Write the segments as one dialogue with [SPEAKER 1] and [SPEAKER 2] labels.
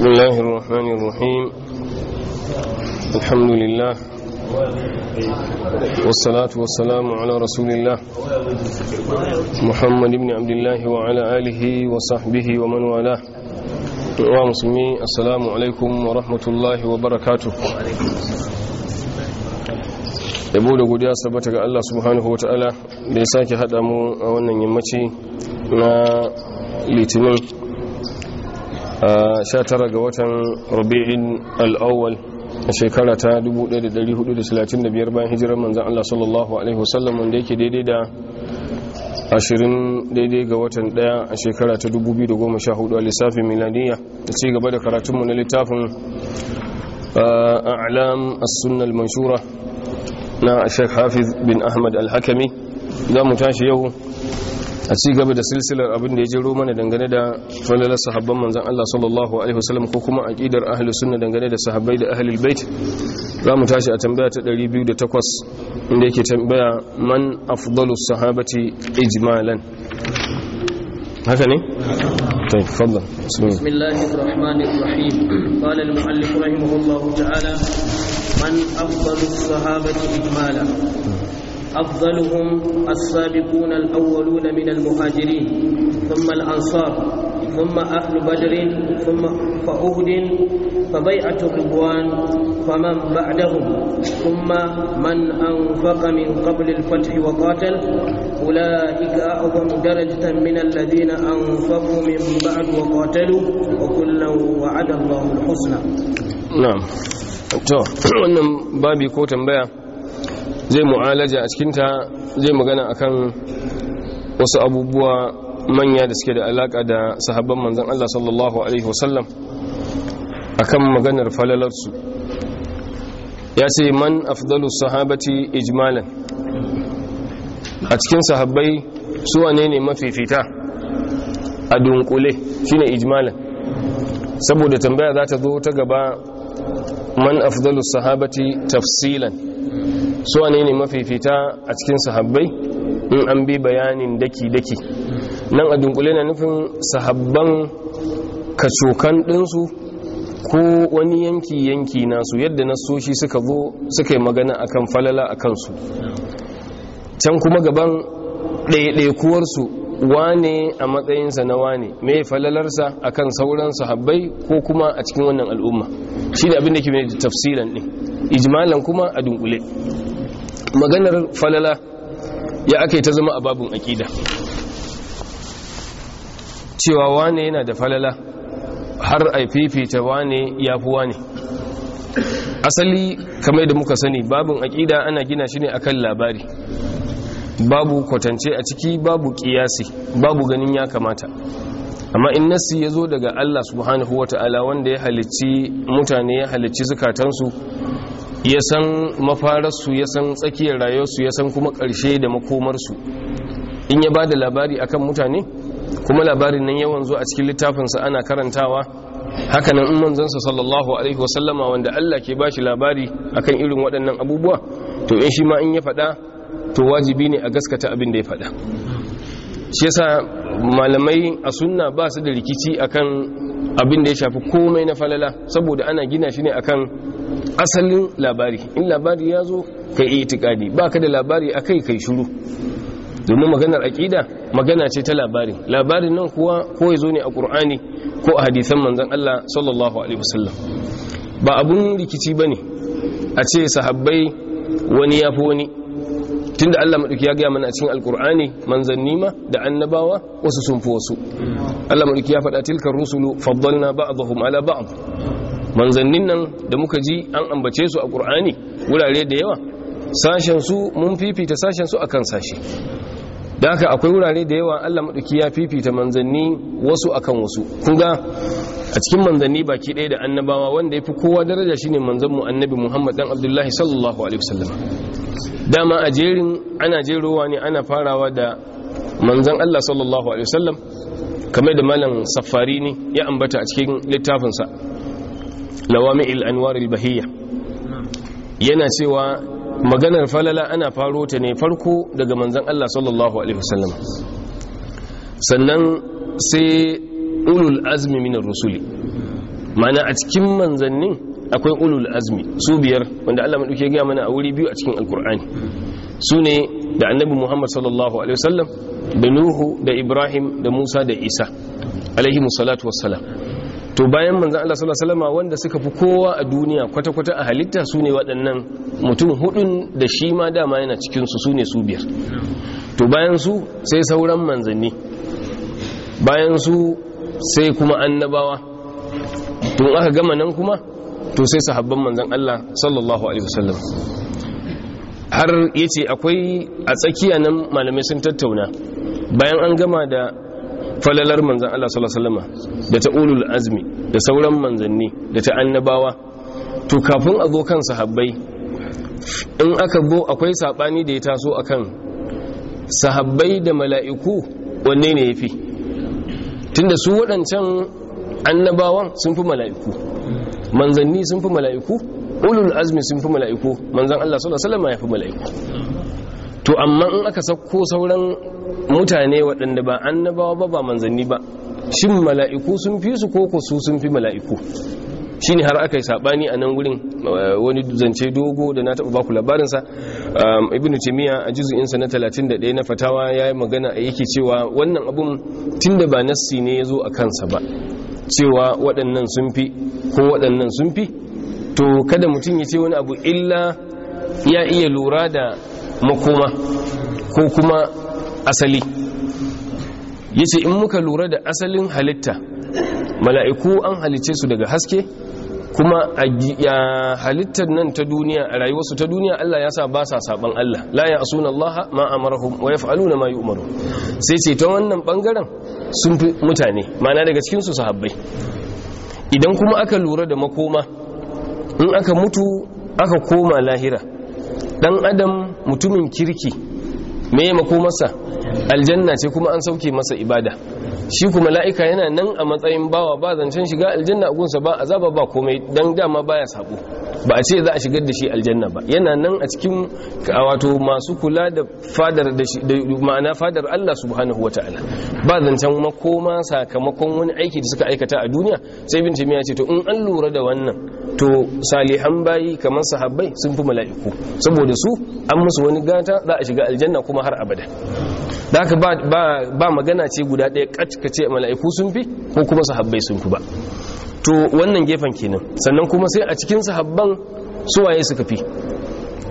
[SPEAKER 1] بسم الله الرحمن الرحيم الحمد لله والصلاة والسلام على رسول الله محمد بن عبد الله وعلى آله وصحبه ومن والاه ومسلمي السلام عليكم ورحمة الله وبركاته yabo da godiya sabata ga Allah subhanahu wataala da ya sake hada mu a wannan yammaci na litinin 19 ga watan rabi'in al'awwal a shekara ta 1435 bayan hijirar manzan Allah sallallahu Alaihi wasallam wanda yake daidai da 20 daidai ga watan 1 a shekara ta 2014 a lissafin miladiyya da ci gaba da karatunmu na littafin a'lam as-sunnal manshura na Sheikh Hafiz bin Ahmad al-Hakami za mu tashi yau a ci gaba da silsilar abin da ya jero mana dangane da falalar sahabban manzan Allah sallallahu alaihi wasallam ko kuma a aqidar ahlus sunna dangane da sahabbai da ahlul bait za mu tashi a tambaya ta 208 inda yake tambaya man afdalu sahabati ijmalan haka ne طيب تفضل بسم, بسم
[SPEAKER 2] الله الرحمن الرحيم قال المؤلف رحمه الله تعالى من افضل أفضلهم السابقون الأولون من المهاجرين ثم الأنصار ثم أهل بدر ثم فأهد فبيعة الرضوان فمن بعدهم ثم من أنفق من قبل الفتح وقاتل أولئك أعظم درجة من الذين أنفقوا من بعد وقاتلوا وكلا وعد الله الحسنى
[SPEAKER 1] نعم to wannan babi ko tambaya zai mu'alaja a cikinta zai magana akan wasu abubuwa manya da suke da alaka da sahabban manzan Allah sallallahu alaihi wasallam akan maganar falalarsu ya ce man afdalu sahabati ijmalan a cikin sahabbai su wane ne mafifita a dunkule shine ijmalan saboda tambaya za ta zo ta gaba man afdalu sahabati tafsilan su wane ne mafifita a cikin sahabbai in an bi bayanin daki-daki nan a dunkule na nufin sahabban kacokan ɗinsu ko wani yanki-yanki nasu yadda nasoshi suka zo suka yi magana akan falala a kansu can kuma gaban ɗaiɗaikuwarsu wane a matsayinsa na wane mai falalarsa akan sauran sahabbai ko kuma a cikin wannan al'umma shi da abinda da ke da tafsiran ɗin ijmalan kuma a dunkule maganar falala ya ake ta zama a babin aƙida cewa wane yana da falala har a fifita wane ya fi wane asali kamar da muka sani babin aƙida ana gina shi ne akan labari babu kwatance a ciki babu kiyasi babu ganin ya kamata amma in nasi ya zo daga Allah subhanahu wa ta'ala wanda ya halicci mutane ya halicci zukatansu ya san mafararsu ya san tsakiyar rayuwarsu ya san kuma ƙarshe da makomarsu in ya ba da labari a kan mutane kuma labarin nan yawan zo a cikin littafinsa ana karantawa hakanan in manzansa sallallahu alaihi wasallama wanda Allah ke ba shi labari akan irin waɗannan abubuwa to in shi ma in ya faɗa to wajibi ne a gaskata abin da ya faɗa shi yasa malamai a sunna ba su da rikici akan abin da ya shafi komai na falala saboda ana gina shi ne akan asalin labari in labari ya zo kai itikadi ba ka da labari a kai kai shuru domin maganar aƙida magana ce ta labari labarin nan kuwa ko ya zo ne a ƙur'ani ko a hadisan manzan Allah sallallahu alaihi wasallam ba abun rikici bane a ce sahabbai wani ya fi wani tunda Allah madauki ya gaya mana a cikin alkur'ani manzanni ma da annabawa wasu sun fi wasu Allah madauki ya faɗa tilkar rusulu faddalna ba'dhum ala ba'd manzannin nan da muka ji an ambace su a qur'ani wurare da yawa sashen su mun fifita sashen su akan sashi da haka akwai wurare da yawa Allah maɗuki ya fifita manzanni wasu akan wasu kuga ga a cikin manzanni baki ɗaya da annabawa wanda ya fi kowa daraja shine manzon mu annabi Muhammad dan Abdullahi sallallahu alaihi wasallam dama a jerin ana jerowa ne ana farawa da manzon Allah sallallahu alaihi wasallam kamar da malam safari ne ya ambata a cikin littafin littafinsa Lawami'il al Bahiyya yana cewa maganar falala ana faro ta ne farko daga manzan Allah sallallahu alaihi wasallam sannan sai ulul azmi minar rusuli mana a cikin manzannin akwai ulul azmi su biyar wanda Allah maɗauke gaya mana a wuri biyu a cikin alkur'ani su ne da annabi Muhammad sallallahu alaihi wasallam da Nuhu da Ibrahim da Musa da Isa alaihi musallatu wasallam to bayan manzan Allah sallallahu alaihi wasallam wanda suka fi kowa a duniya kwata-kwata a halitta su ne waɗannan mutum hudun da shi ma dama yana cikin su su ne su biyar to bayan su sai sauran manzanni bayan su sai kuma annabawa in aka gama nan kuma to sai sahabban manzan Allah sallallahu alaihi wasallam har yace akwai a tsakiya nan malamai sun tattauna bayan an gama da falalar manzan Allah sallallahu alaihi da ta ulul azmi da sauran manzanni da ta annabawa to kafin a zo kan sahabbai in aka bo akwai sabani da ya taso akan sahabbai da mala'iku wanne ne yafi tunda su waɗancan annabawan sun fi mala'iku manzanni sun fi mala'iku ulul azmi sun fi mala'iku manzan Allah sallallahu alaihi wasallam ya fi mala'iku to amma in aka sauko sauran mutane waɗanda ba annabawa ba ba manzanni ba shin mala'iku sun fi su koko su sun fi mala'iku shi har aka yi saɓani a nan wurin eh, wani zance dogo da na taɓa baku labarinsa um, ibn timiya a insa na 31 na fatawa ya yi magana a yake cewa wannan abun tun da ba nassi ne ya zo a kansa ba cewa waɗannan sun fi ko waɗannan sun fi to kada mutum ya ce wani abu illa ya iya lura da makoma ko kuma asali yace in muka lura da asalin halitta mala'iku an halice su daga haske kuma a halittar nan ta duniya a rayuwarsu ta duniya Allah ya sa ba sa saban Allah la ya asuna Allah ma amarahum wa yaf'aluna ma yu'maru sai ce ta wannan bangaren sun fi mutane mana daga cikin su sahabbai idan kuma aka lura da makoma in aka mutu aka koma lahira dan adam mutumin kirki me ya mako masa aljanna ce kuma an sauke masa ibada shi kuma la'ika yana nan a matsayin bawa ba zancen shiga aljanna a gunsa ba azaba ba komai dan dama baya sabo ba a ce za a shigar da shi aljanna ba yana nan a cikin wato masu kula da fadar da shi ma'ana fadar Allah subhanahu wataala ba zancen makoma sakamakon wani aiki da suka aikata a duniya sai bin ya ce to in an lura da wannan to salihan bayi kamar sahabbai sun fi mala'iku saboda su an musu wani gata za a shiga aljanna kuma har abada da haka ba magana ce guda ɗaya kace mala'iku sun fi ko kuma sahabbai sun fi ba to wannan gefen kenan sannan kuma sai a cikin sahabban waye suka fi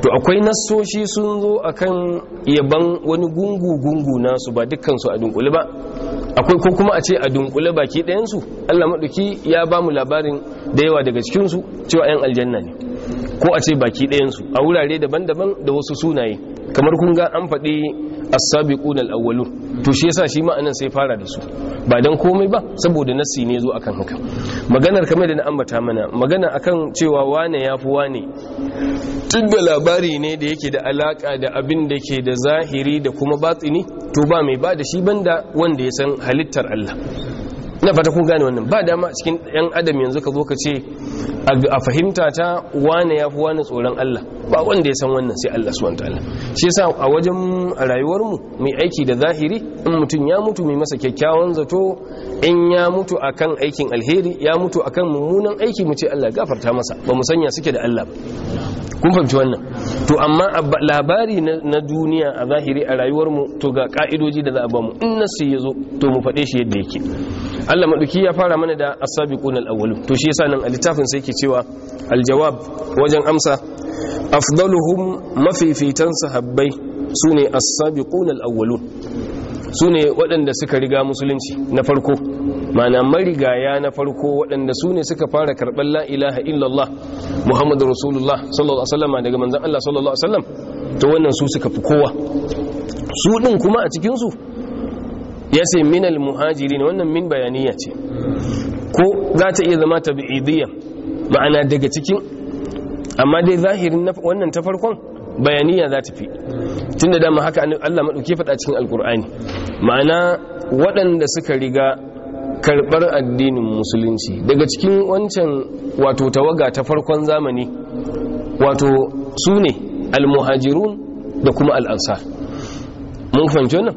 [SPEAKER 1] to akwai nassoshi sun zo akan yaban wani gungu-gungu nasu ba dukkansu a dunkule ba akwai ko kuma a ce a dunkule baki ɗayansu allah maɗuki ya ba mu labarin da yawa daga cikin su cewa 'yan aljanna ne ko a ce baki ɗayansu a wurare daban-daban da wasu sunaye kamar kun ga an faɗi asabi sabiqun awwalu to shi yasa shi ma'anan sai fara da su ba dan komai ba saboda nassi ne zo akan haka maganar kamar da na ambata mana magana akan cewa wane yafi wane tun da labari ne da yake da alaƙa da abin da ke da zahiri da kuma batsini to ba mai ba da shi banda wanda ya san halittar Allah na fata kun gane wannan ba dama cikin yan adam yanzu ka zo ka ce a fahimta ta wane ya fi wane tsoron Allah ba wanda ya san wannan sai Allah subhanahu wataala shi yasa a wajen rayuwarmu mu mai aiki da zahiri in mutum ya mutu mai masa kyakkyawan zato in ya mutu akan aikin alheri ya mutu akan mummunan aiki mu ce Allah gafarta masa ba mu sanya suke da Allah ba kun fahimci wannan to amma labari na duniya a zahiri a rayuwarmu mu to ga ka'idoji da za a ba mu in nasu ya zo to mu faɗe shi yadda yake Allah maduki ya fara mana da as-sabiqun al to shi yasa nan a littafin sai yake cewa aljawab wajen amsa afdaluhum mafifitan sahabbai sune as-sabiqun al-awwalun sune waɗanda suka riga musulunci na farko mana marigaya na farko waɗanda su suka fara karɓar la ilaha illallah muhammadu rasulullah sallallahu alaihi wasallam daga manzon Allah sallallahu alaihi wasallam wannan su suka fi kowa su din kuma a cikin ya ce minal muhajiri ne wannan min bayaniya ce ko za ta iya zama ta bi'idiyya ma'ana daga cikin amma dai zahirin wannan ta farkon bayaniya za ta fi tun da dama haka Allah maɗauki faɗa cikin alkur'ani ma'ana waɗanda suka riga karɓar addinin musulunci daga cikin wancan wato tawaga ta farkon zamani wato su ne almuhajirun da kuma al al'ansar mun fahimci wannan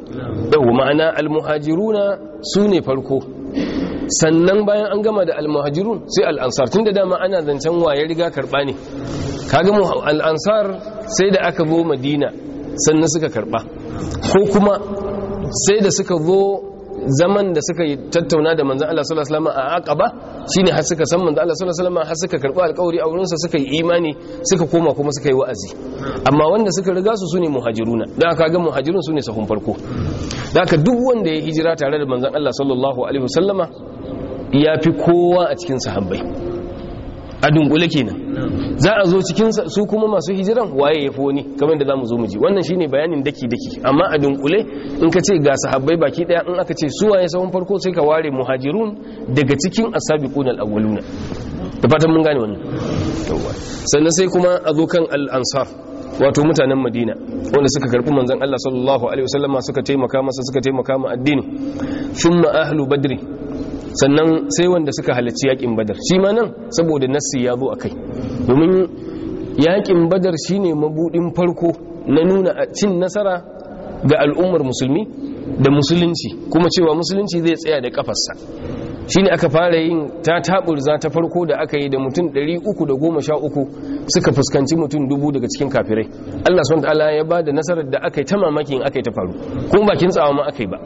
[SPEAKER 1] yau ma'ana almuhajiruna su ne farko sannan bayan an gama da almuhajiru sai al'ansar tun da dama ana zancen ya riga karɓa ne kaga mu al'ansar sai da aka zo madina sannan suka karɓa ko kuma sai da suka zo zaman da suka yi tattauna da manzan Allah sallallahu alaihi wasallam a Aqaba shine har suka san manzan Allah sallallahu alaihi wasallam har suka karbi alƙawari a wurinsa suka yi imani suka koma kuma suka yi wa'azi amma wanda suka riga su sune muhajiruna dan aka ga muhajirun sune sahun farko dan aka duk wanda ya hijira tare da manzan Allah sallallahu alaihi wasallama ya fi kowa a cikin sahabbai a dungule kenan za a zo cikin su kuma masu hijiran waye ya fi wani kamar da mu zo mu ji wannan shine bayanin daki daki amma a dunkule in ka ce ga sahabbai baki daya in aka ce su waye sahun farko sai ka ware muhajirun daga cikin asabiqun al-awwaluna da fatan mun gane wannan sannan sai kuma a zo kan al-ansar wato mutanen madina wanda suka karbi manzon Allah sallallahu alaihi wasallama suka taimaka masa suka taimaka ma addini thumma ahlu badri sannan sai wanda suka halarci yakin badar shi ma nan saboda nassi ya zo a kai domin yakin badar shine mabudin farko na nuna cin nasara ga al'ummar musulmi da musulunci kuma cewa musulunci zai tsaya da kafarsa ne aka fara yin ta za ta farko da aka yi da mutum 313 suka fuskanci mutum dubu daga cikin kafirai Allah swt ya ba da nasarar da aka yi ta mamakin aka yi ta faru kuma bakin tsawa ma aka yi ba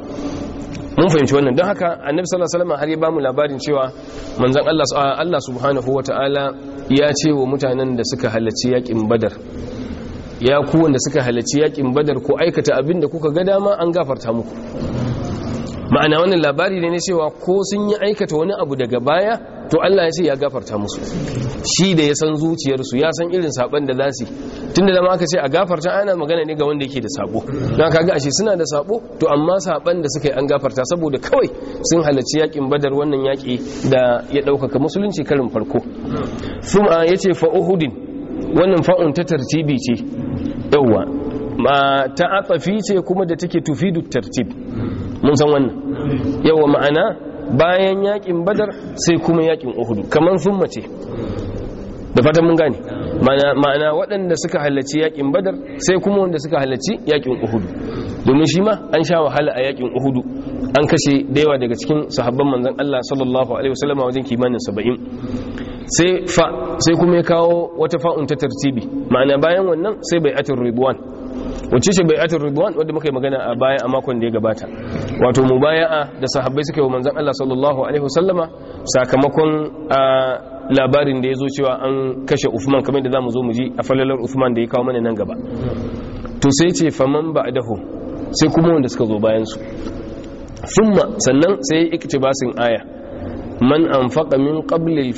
[SPEAKER 1] mun fahimci wannan don haka annabi sallallahu alaihi wasallam har ya bamu labarin cewa manzon Allah ah, Allah subhanahu wataala ya ce wa mutanen da suka halarci yakin badar ya ku wanda suka halarci yakin badar ko aikata abin da kuka ga dama an gafarta muku ma'ana wannan labari ne na cewa ko sun yi aikata wani abu daga baya to Allah ya ce ya gafarta musu shi da ya san zuciyarsu ya san irin saban da za su tunda da aka ce a gafarta ana magana ne ga wanda yake da sabo Na kaga ashe suna da sabo to amma saban da suka yi an gafarta saboda kawai sun halarci yakin badar wannan yaki da ya ɗaukaka musulunci karin farko sum'a ya ce fa wannan fa'un ta tartibi ce yawwa ma ta ce kuma da take tufidu tartib mun san wannan yawa ma'ana bayan yakin badar sai kuma yakin uhudu kamar sun mace da fatan mun gane ma'ana waɗanda suka halarci yakin badar sai kuma wanda suka halarci yakin uhudu domin shi ma an sha wahala a yakin uhudu an kashe da yawa daga cikin sahabban manzan, Allah sallallahu alaihi wasallam wajen kimanin 70 sai fa sai kuma ya kawo wata fa'un ta tartibi ma'ana bayan wannan sai bai atin ridwan wacce ce bai atar ridwan wadda muka yi magana a baya a makon da ya gabata wato mu a da sahabbai suka yi manzan Allah sallallahu alaihi wasallama sakamakon labarin da ya zo cewa an kashe Uthman kamar da za mu zo mu ji a falalar Uthman da ya kawo mana nan gaba to sai ce faman ba'dahu sai kuma wanda suka zo bayan su thumma sannan sai iktibasin aya man anfaqa min qabli al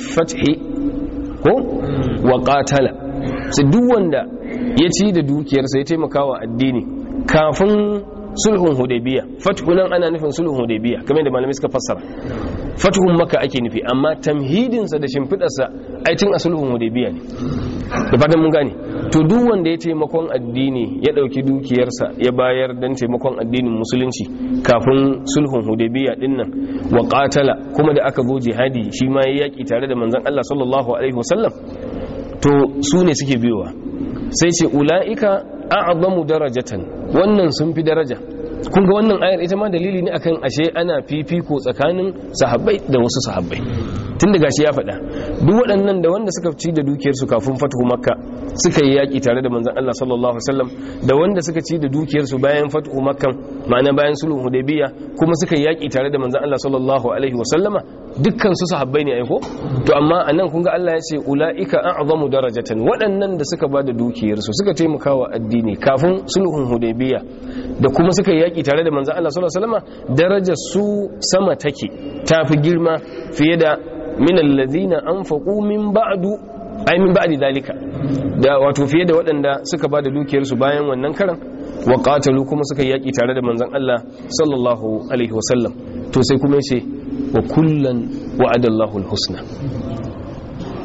[SPEAKER 1] ko wa qatala sai duk wanda ya ci da dukiyarsa ya taimaka wa addini kafin sulhun hudaybiya fatuhun nan ana nufin sulhun hudaybiya kamar da malamai suka fassara fatuhun maka ake nufi amma tamhidinsa da sa ai tun a sulhun hudaybiya ne da fatan mun gane to duk wanda ya taimakon addini ya dauki dukiyarsa ya bayar dan taimakon addinin musulunci kafin sulhun hudaybiya din nan wa qatala kuma da aka zo jihadi shi ma ya yaki tare da manzon Allah sallallahu alaihi wasallam to su ne suke biyowa sai ce ula'ika a'zamu darajatan wannan sun fi daraja kun ga wannan ayar ita ma dalili ne akan ashe ana fifiko tsakanin sahabbai da wasu sahabbai tun da gashi ya faɗa duk waɗannan da wanda suka ci da dukiyarsu kafin fatuhu makka suka yi yaƙi tare da manzon Allah sallallahu alaihi wasallam da wanda suka ci da dukiyarsu bayan fatuhu makka ma'ana bayan sulhu hudaybiya kuma suka yi yaƙi tare da manzon Allah sallallahu alaihi wasallama dukkan su sahabbai ne aiko to amma anan kun ga Allah ya ce ulaika a'zamu darajatan waɗannan da suka ba da dukiyarsu suka taimaka wa addini kafin sulhun hudaybiya da kuma suka yi yaki tare da manzan Allah sallallahu alaihi wasallam darajar su sama take fi girma fiye da min alladhina anfaqu min ba'du ay min ba'di dalika da wato fiye da waɗanda suka ba da dukiyarsu bayan wannan karan wa qatalu kuma suka yaki tare da manzan Allah sallallahu alaihi wasallam to sai kuma yace wa kullan wa'adallahu alhusna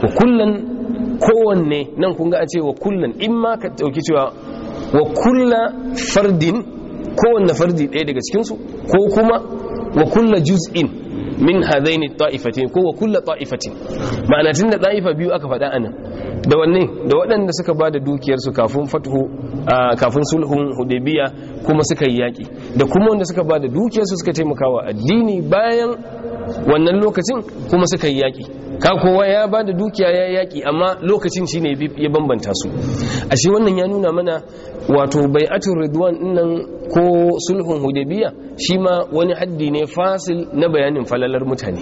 [SPEAKER 1] wa kullan kowanne nan kun ga a ce wa kullan in ma ka ɗauki cewa wa kulla fardin kowanne fardi ɗaya daga cikinsu ko kuma wa kulla juz'in min hadaini ta'ifatin ko wa kulla ta'ifatin ma'ana tun da ta'ifa biyu aka faɗa anan da wanne da waɗanda suka ba da dukiyarsu kafin fathu kafin sulhun hudaybiya kuma suka yi yaƙi da kuma wanda suka ba da dukiyarsu suka taimaka wa addini bayan wannan lokacin kuma suka yi yaƙi ka kowa ya ba da dukiya ya yaƙi amma lokacin shine ne ya bambanta su a shi wannan ya nuna mana wato bai atun ridwan nan ko sulhun hudabiya shi ma wani haddi ne fasil na bayanin falalar mutane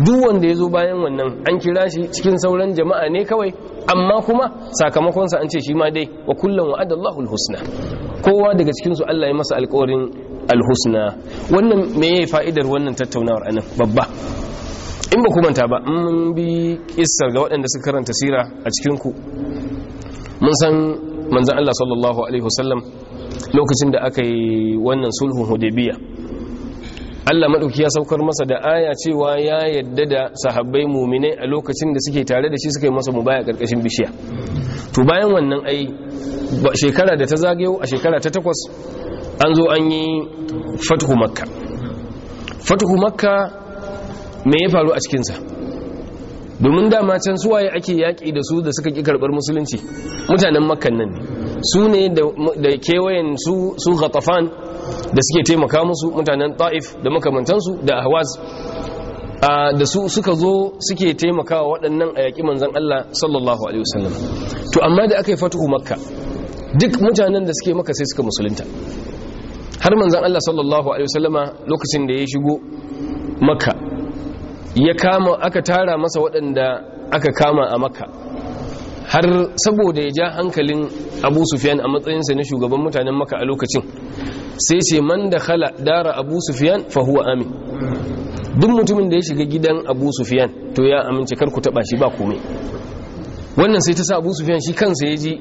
[SPEAKER 1] duk wanda ya zo bayan wannan an kira shi cikin sauran jama'a ne kawai amma kuma sakamakonsa an ce shi ma dai wa kullum wa adallahu husna kowa daga cikinsu Allah ya masa alkawarin alhusna wannan me yayi fa'idar wannan tattaunawar anan babba in ba ku manta ba mun bi kissar ga waɗanda suka karanta sira a cikin ku mun san manzon Allah sallallahu alaihi wasallam lokacin da aka yi wannan sulhun hudabiya Allah maɗauki ya saukar masa da aya cewa ya yadda da sahabbai muminai a lokacin da suke tare da shi suka yi masa mubaya ƙarƙashin bishiya to bayan wannan ai shekara da ta zagayo a shekara ta takwas an zo an yi fatuhu makka fatuhu makka me ya faru a cikinsa domin dama can suwaye ake yaƙi da su da suka ƙi karɓar musulunci mutanen makkan nan ne su ne da kewayen su ghatafan da suke taimaka musu mutanen ta'if da makamantansu da ahwaz da su suka zo suke taimakawa waɗannan a yaƙi manzan Allah sallallahu alaihi wasallam to amma da aka yi fatuhu makka duk mutanen da suke maka sai suka musulunta har manzan Allah sallallahu alaihi wasallam lokacin da ya shigo makka ya kama aka tara masa waɗanda aka kama a makka har saboda ya ja hankalin abu sufiyan a matsayinsa na shugaban mutanen maka a lokacin sai ce man da khala dara abu sufiyan fahuwa amin duk mutumin da ya shiga gidan abu sufiyan to ya amince kar ku taba shi ba komai wannan sai ta sa abu sufiyan shi kansa ya ji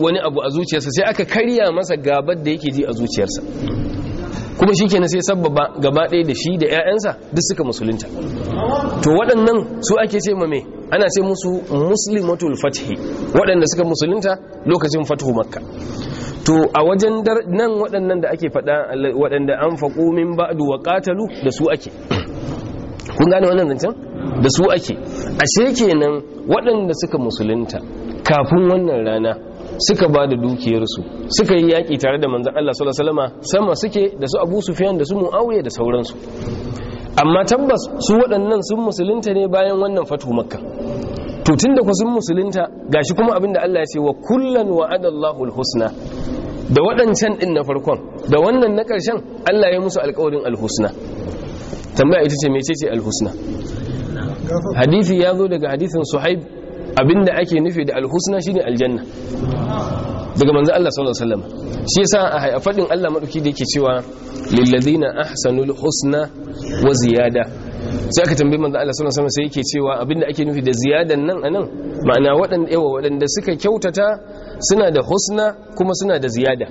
[SPEAKER 1] wani abu a zuciyarsa sai aka karya masa gabar da yake ji a zuciyarsa kuma shi kenan sai sababa gaba ɗaya da shi da 'ya'yansa duk suka musulunta to waɗannan su ake ce mame ana ce musu muslimatul fathi waɗanda suka musulunta lokacin fathu makka to a wajen nan waɗannan da ake faɗa waɗanda an faƙo min ba'du wa ƙatalu da su ake kun gane wannan zancen da su ake ashe kenan waɗanda suka musulunta kafin wannan rana suka ba da dukiyarsu suka yi yaƙi tare da manzan Allah salama sama suke da su abu sufiyan da su mu'awiya da sauransu amma tabbas su waɗannan sun musulunta ne bayan wannan fatu makka to da ku sun musulunta gashi kuma abin da Allah ya ce wa kullan wa'adallahu alhusna da waɗancan ɗin na farkon da wannan na ƙarshen Allah ya musu alƙawarin alhusna tambaya ita ce mecece alhusna hadisi ya zo daga hadisin suhaib abinda ake nufi da alhusna shine aljanna daga manzo Allah sallallahu alaihi wasallam shi yasa a fadin Allah madauki da yake cewa lil ladina ahsanul husna wa ziyada sai aka tambaye manzo Allah sallallahu alaihi wasallam sai yake cewa abinda ake nufi da ziyadan nan anan ma'ana waɗanda yawa waɗanda suka kyautata suna da husna kuma suna da ziyada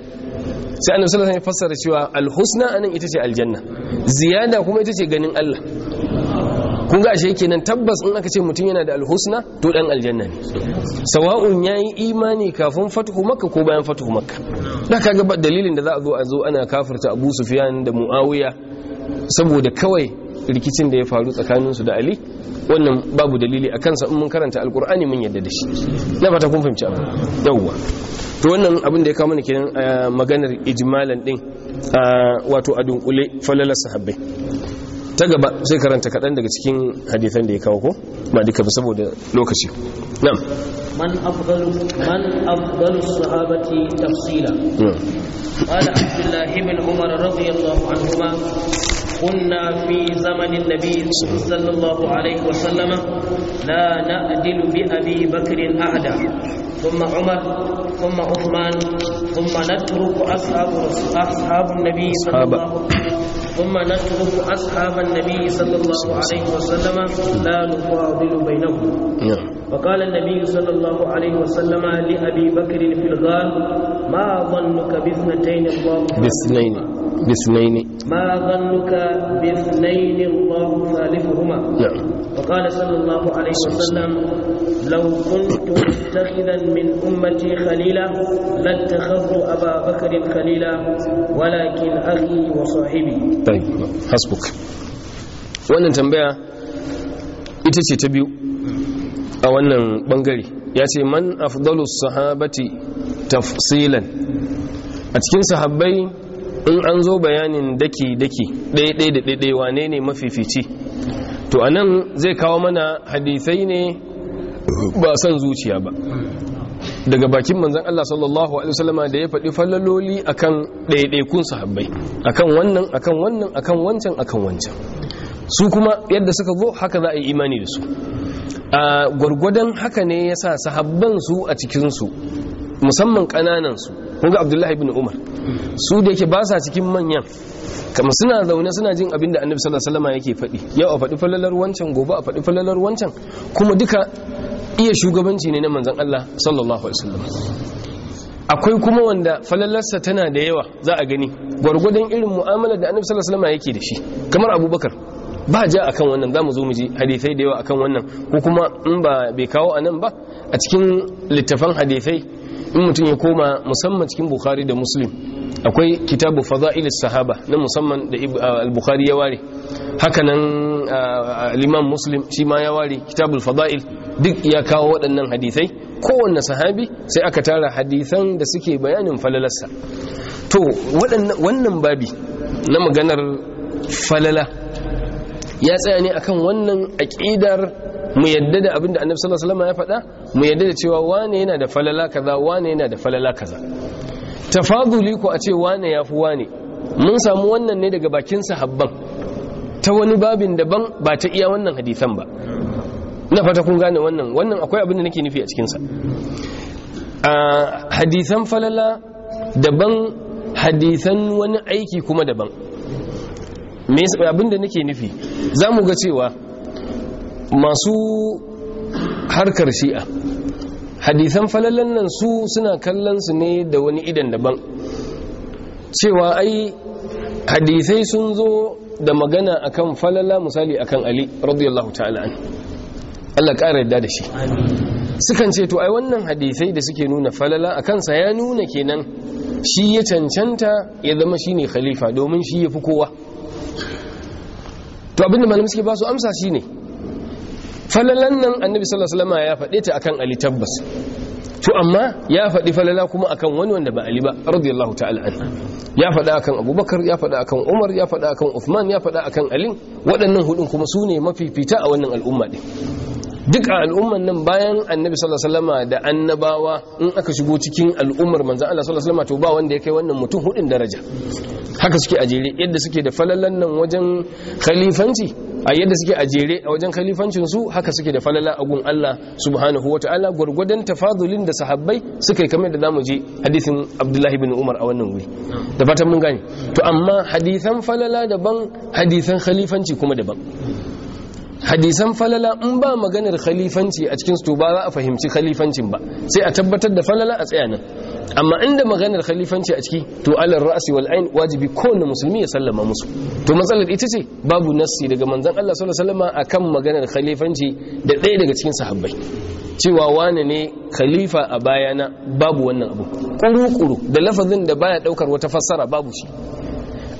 [SPEAKER 1] sai annabi sallallahu alaihi wasallam ya fassara cewa alhusna anan ita ce aljanna ziyada kuma ita ce ganin Allah kun ga ashe kenan tabbas in aka ce mutum yana da alhusna to dan aljanna ne sawa'un yayi imani kafin fatuhu makka ko bayan fatuhu makka da kaga dalilin da za a zo a zo ana kafirta Abu Sufyan da Muawiya saboda kawai rikicin da ya faru tsakanin su da Ali wannan babu dalili a sa in mun karanta alkur'ani mun yadda da shi na fata kun fahimci abu yawwa to wannan abin da ya kawo mana kenan eh, maganar ijmalan din eh, wato a dunkule falalar sahabbai ta gaba sai karanta kaɗan daga cikin hadithan da ya kawo ko ba duka ba saboda lokaci na'am
[SPEAKER 2] man afdalu man afdalu sahabati tafsila qala abdullah ibn umar radiyallahu anhuma كنا في زمن النبي صلى الله عليه وسلم لا نأدل بأبي بكر أحدا ثم عمر ثم عثمان ثم نترك أصحاب أصحاب النبي صلى الله عليه وسلم ثم نترك أصحاب النبي صلى الله عليه وسلم لا نفاضل بينهم وقال النبي صلى الله عليه وسلم لأبي بكر في الغار ما ظنك باثنتين الله
[SPEAKER 1] باثنين باثنين
[SPEAKER 2] ما ظنك باثنين الله ثالثهما نعم وقال صلى الله عليه وسلم لو كنت متخذا من امتي خليلا لاتخذت ابا بكر خليلا ولكن اخي وصاحبي
[SPEAKER 3] طيب
[SPEAKER 1] حسبك wannan tambaya ita ce ta biyu a wannan bangare ya ce man afdalus sahabati tafsilan a cikin sahabbai in an zo bayanin daki-daki ɗaya-ɗaya da ɗaya wane ne mafifici to a nan zai kawo mana hadisai ne ba son zuciya ba daga bakin manzan Allah sallallahu Alaihi wasallama da ya faɗi falaloli akan ɗaiɗaikun sahabbai akan wannan akan wannan akan wancan akan wancan su kuma yadda suka zo haka za a yi imani da su a gwargwadon haka ne ya sa sahabban su a cikinsu musamman ƙananansu ga abdullahi bin umar su da yake ba sa cikin manyan kama suna zaune suna jin abin da annabi sallallahu alaihi yake faɗi yau a faɗi falalar wancan gobe a faɗi falalar wancan kuma duka iya shugabanci ne na manzon Allah sallallahu alaihi wasallam akwai kuma wanda falalarsa tana da yawa za a gani gwargwadon irin mu'amalar da annabi sallallahu alaihi wasallam yake da shi kamar abubakar ba ja akan wannan zamu zo mu ji hadisai da yawa akan wannan ko kuma in ba bai kawo anan ba a cikin littafan hadisai in mutum ya koma musamman cikin bukhari da muslim akwai kitabu fada'il sahaba na musamman da ah, al-bukhari ya ware hakanan ah, ah, al-imam muslim shi ma ya ware kitabul fada'il duk ya kawo waɗannan hadisai kowanne sahabi sai aka tara hadisan da suke bayanin falalarsa to wannan babi na maganar falala ya tsaya ne akan wannan aqidar mu yadda da abinda annabi sallallahu alaihi wasallam ya faɗa mu yadda da cewa wane yana da falala kaza wane yana da falala kaza tafaduli ko a ce wane yafi wane mun samu wannan ne daga bakin sahabban ta wani babin daban ba ta iya wannan hadisan ba na fata kun gane wannan wannan akwai abin da nake nufi a cikinsa hadisan falala daban hadisan wani aiki kuma daban abinda nake nufi za mu ga cewa masu harkar shi'a hadisan falalan nan su suna kallon su ne da wani idan daban cewa ai hadisai sun zo da magana akan falala misali akan ali radiyallahu ta'ala an Allah ƙara yadda da shi sukan ce to ai wannan hadisai da suke nuna falala a kansa ya nuna kenan shi ya cancanta ya zama shine khalifa domin shi ya fi kowa to abinda malamai suke ba su amsa shine falalan nan annabi sallallahu alaihi wasallam ya faɗe ta akan ali tabbas to amma ya faɗi falala kuma akan wani wanda ba ali ba radiyallahu ta'ala anhu ya faɗa akan abubakar ya faɗa akan umar ya faɗa akan uthman ya faɗa akan ali waɗannan hudun kuma su ne mafifita a wannan al'umma din duk a al'ummar nan bayan annabi sallallahu alaihi wasallama da annabawa in aka shigo cikin al'ummar manzo Allah sallallahu alaihi wasallama to ba wanda ya kai wannan mutum hudin daraja haka suke ajere yadda suke da falalan nan wajen khalifanci a yadda suke ajere a wajen khalifancin su haka suke da falala a gun Allah subhanahu wataala gurgurdan tafadulin da sahabbai suka yi kamar da zamu je hadisin Abdullah ibn Umar a wannan wuri da fatan mun gane to amma hadisan falala daban hadisan khalifanci kuma daban hadisan falala in ba maganar khalifanci a cikin su ba za a fahimci khalifancin ba sai a tabbatar da falala a tsaya nan amma inda maganar khalifanci a ciki to allar ra'si wal ain wajibi kowanne musulmi ya sallama musu to matsalar ita ce babu nassi daga manzon Allah sallallahu alaihi wasallam akan maganar khalifanci da ɗaya daga cikin sahabbai cewa wane ne khalifa a bayana babu wannan abu kuru kuru da lafazin da baya daukar wata fassara babu shi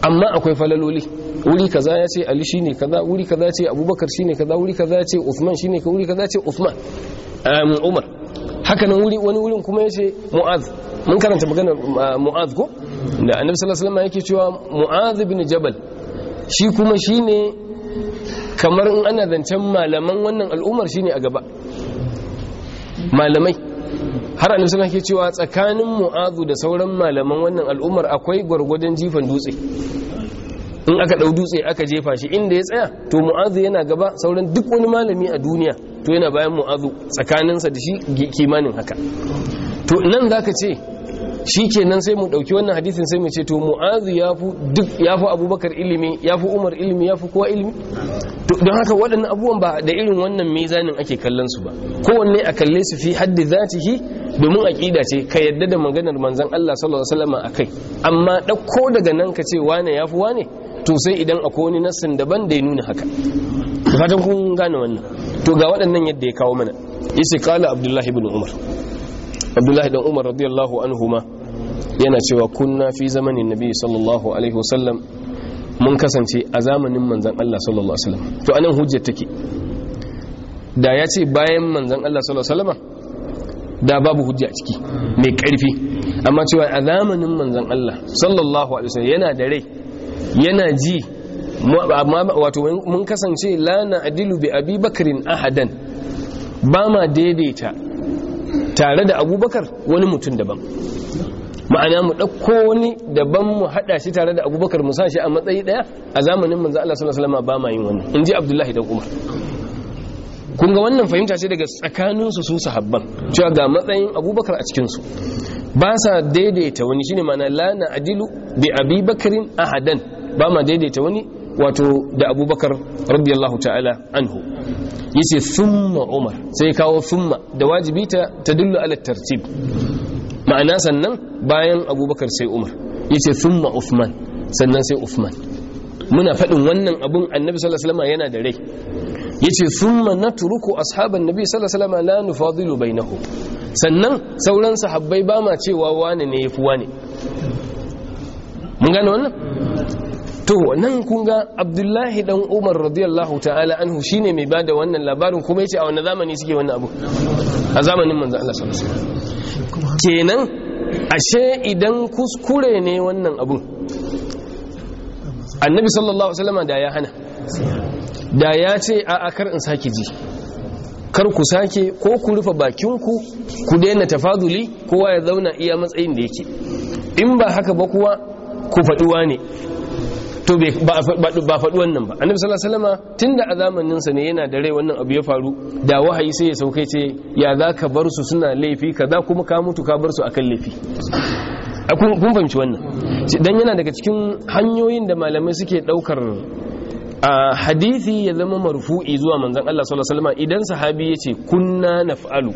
[SPEAKER 1] amma akwai falaloli wuri kaza ya ce ali shine kaza wuri kaza ya ce abubakar shine kaza wuri kaza ya ce usman shine ka wuri kaza ya ce uthman um, umar haka nan wuri wani wurin kuma ya ce mu'az mun karanta magana mu'az ko da annabi sallallahu alaihi wasallam yake cewa mu'az ibn jabal shi kuma shine kamar in ana zancen malaman wannan al'ummar shine a gaba malamai har annabi sallallahu alaihi cewa tsakanin mu'azu da sauran malaman wannan al'ummar akwai gwargwadon jifan dutse in aka ɗau dutse aka jefa shi inda ya tsaya to mu'azu yana gaba sauran duk wani malami a duniya to yana bayan mu'azu tsakaninsa da shi kimanin haka to nan za ka ce shi ke nan sai mu ɗauki wannan hadisin sai mu ce to mu'azu ya fi duk ya fi abubakar ilimi ya fi umar ilimi ya fi kowa ilimi don haka waɗannan abubuwan ba da irin wannan mizanin ake kallon su ba kowanne a kalle su fi haddi yi domin aƙida ce ka yadda da maganar manzan Allah sallallahu alaihi wasallam kai. amma ɗauko daga nan ka ce wane yafi wane to sai idan akwai wani nassin daban da ya nuna haka fatan kun gane wannan to ga waɗannan yadda ya kawo mana yace kala abdullahi ibn umar abdullahi dan umar radiyallahu ma yana cewa kunna fi zamanin nabi sallallahu alaihi wasallam mun kasance a zamanin manzan Allah sallallahu alaihi wasallam to anan hujjar take da ya ce bayan manzan Allah sallallahu alaihi wasallama da babu hujja a ciki mai karfi amma cewa a zamanin manzan Allah sallallahu alaihi wasallam yana da rai yana ji wato mun kasance lana adilu bi abubakarin ahadan ba ma daidaita tare da abubakar wani mutum daban ma'ana mu ɗauko wani daban mu haɗa shi tare da abubakar mu sa shi a matsayi ɗaya a zamanin manzo Allah sallallahu alaihi wasallam ba ma yin wannan in ji Abdullahi da Umar kun ga wannan fahimta ce daga tsakaninsu su sahabban cewa ga matsayin abubakar a cikinsu ba sa daidaita wani shine mana la na adilu bi abubakarin ahadan ba ma daidaita wani wato da abubakar radiyallahu ta'ala anhu yace thumma umar sai kawo thumma da wajibi ta tadullu ala tartib ma'ana sannan bayan abubakar sai umar yace thumma uthman sannan sai uthman muna faɗin wannan abun annabi sallallahu alaihi yana da rai yace thumma natruku ashaban nabi sallallahu alaihi la nufadilu sannan sauran sahabbai ba ma cewa wane ne yafi wane mun gane wannan to nan kun ga abdullahi dan umar radiyallahu ta'ala anhu shine mai bada wannan labarin kuma yace a wannan zamani suke wannan abu a zamanin manzo Allah sallallahu alaihi wasallam kenan ashe idan kuskure ne wannan abun annabi sallallahu alaihi wasallam da ya hana da ya ce a akar in sake ji kar ku sake ko ku rufe bakinku ku daina tafaduli kowa ya zauna iya matsayin da yake in ba haka ba kuwa ku faɗuwa ne to ba faɗi wannan ba annabi sallallahu alaihi wasallama tunda a zamanin ne yana da rai wannan abu ya faru da wahayi sai ya sauke ce ya za ka bar su suna laifi kaza kuma ka mutu ka bar su akan laifi kun fahimci wannan dan yana daga cikin hanyoyin da malamai suke daukar a hadithi ya zama marfu'i zuwa manzon Allah sallallahu alaihi wasallam idan sahabi yace kunna naf'alu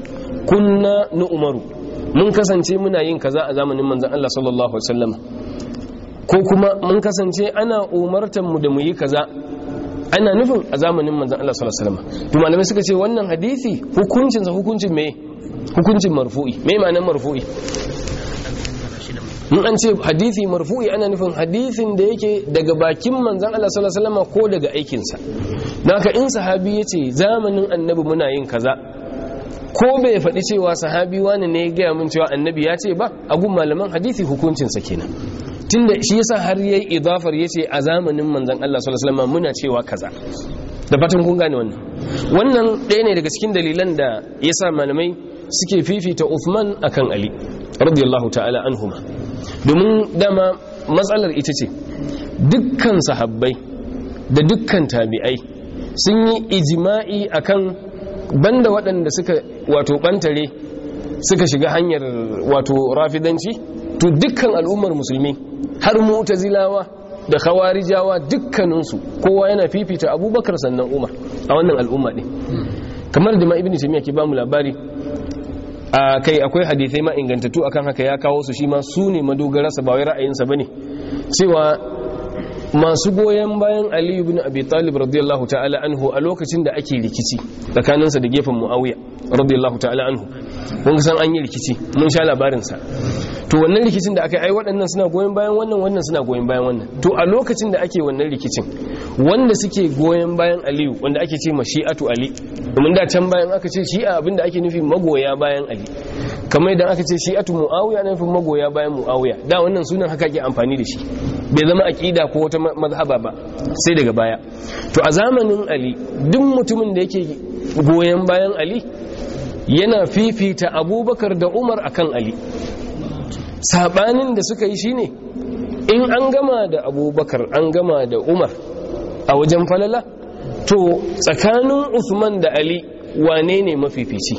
[SPEAKER 1] kunna nu'maru mun kasance muna yin kaza a zamanin manzon Allah sallallahu alaihi wasallam ko kuma mun kasance ana umartan mu da mu yi kaza ana nufin a zamanin manzon Allah sallallahu alaihi wasallam to malamai suka ce wannan hadisi hukuncin sa hukuncin me hukuncin marfu'i me ma'anar marfu'i mun an ce hadisi marfu'i ana nufin hadisin da yake daga bakin manzon Allah sallallahu alaihi wasallam ko daga aikin sa haka in sahabi yace zamanin annabi muna yin kaza ko bai faɗi cewa sahabi wani ne ya gaya min cewa annabi ya ce ba a gun malaman hadisi hukuncinsa kenan tunda shi yasa har yayi idafar yace a zamanin manzon Allah sallallahu alaihi muna cewa kaza da fatan kun gane wannan wannan ɗaya ne daga cikin dalilan da yasa malamai suke fifita Uthman akan Ali radiyallahu ta'ala anhuma domin dama matsalar ita ce dukkan sahabbai da dukkan tabi'ai sun yi ijima'i akan banda waɗanda suka wato bantare suka shiga hanyar wato rafidanci to dukkan al'ummar musulmi har mu'tazilawa da khawarijawa dukkaninsu kowa yana fifita abubakar sannan umar a wannan al'umma ɗin kamar da ma ibn taymiya ke bamu labari a kai akwai hadisai ma ingantattu akan haka ya kawo su shi ma su ne madogararsa ba wai ra'ayinsa bane cewa masu goyon bayan Aliyu ibn Abi Talib radiyallahu ta'ala anhu a lokacin da ake rikici tsakaninsa da gefen Muawiya radiyallahu ta'ala anhu kun san an yi rikici mun sha labarinsa to wannan rikicin da aka yi ai waɗannan suna goyon bayan wannan wannan suna goyon bayan wannan to a lokacin da ake wannan rikicin wanda suke goyon bayan aliyu wanda ake ce ma shi'atu ali domin da can bayan aka ce shi'a abinda ake nufi magoya bayan ali kamar idan aka ce shi'atu muawiya na nufin magoya bayan muawiya da wannan sunan haka ake amfani da shi bai zama aƙida ko wata mazhaba ba sai daga baya to a zamanin ali duk mutumin da yake goyon bayan ali yana fifita abubakar da umar a kan ali sabanin da suka yi shine in an gama da abubakar an gama da umar a wajen falala to tsakanin usman da ali wane ne mafifici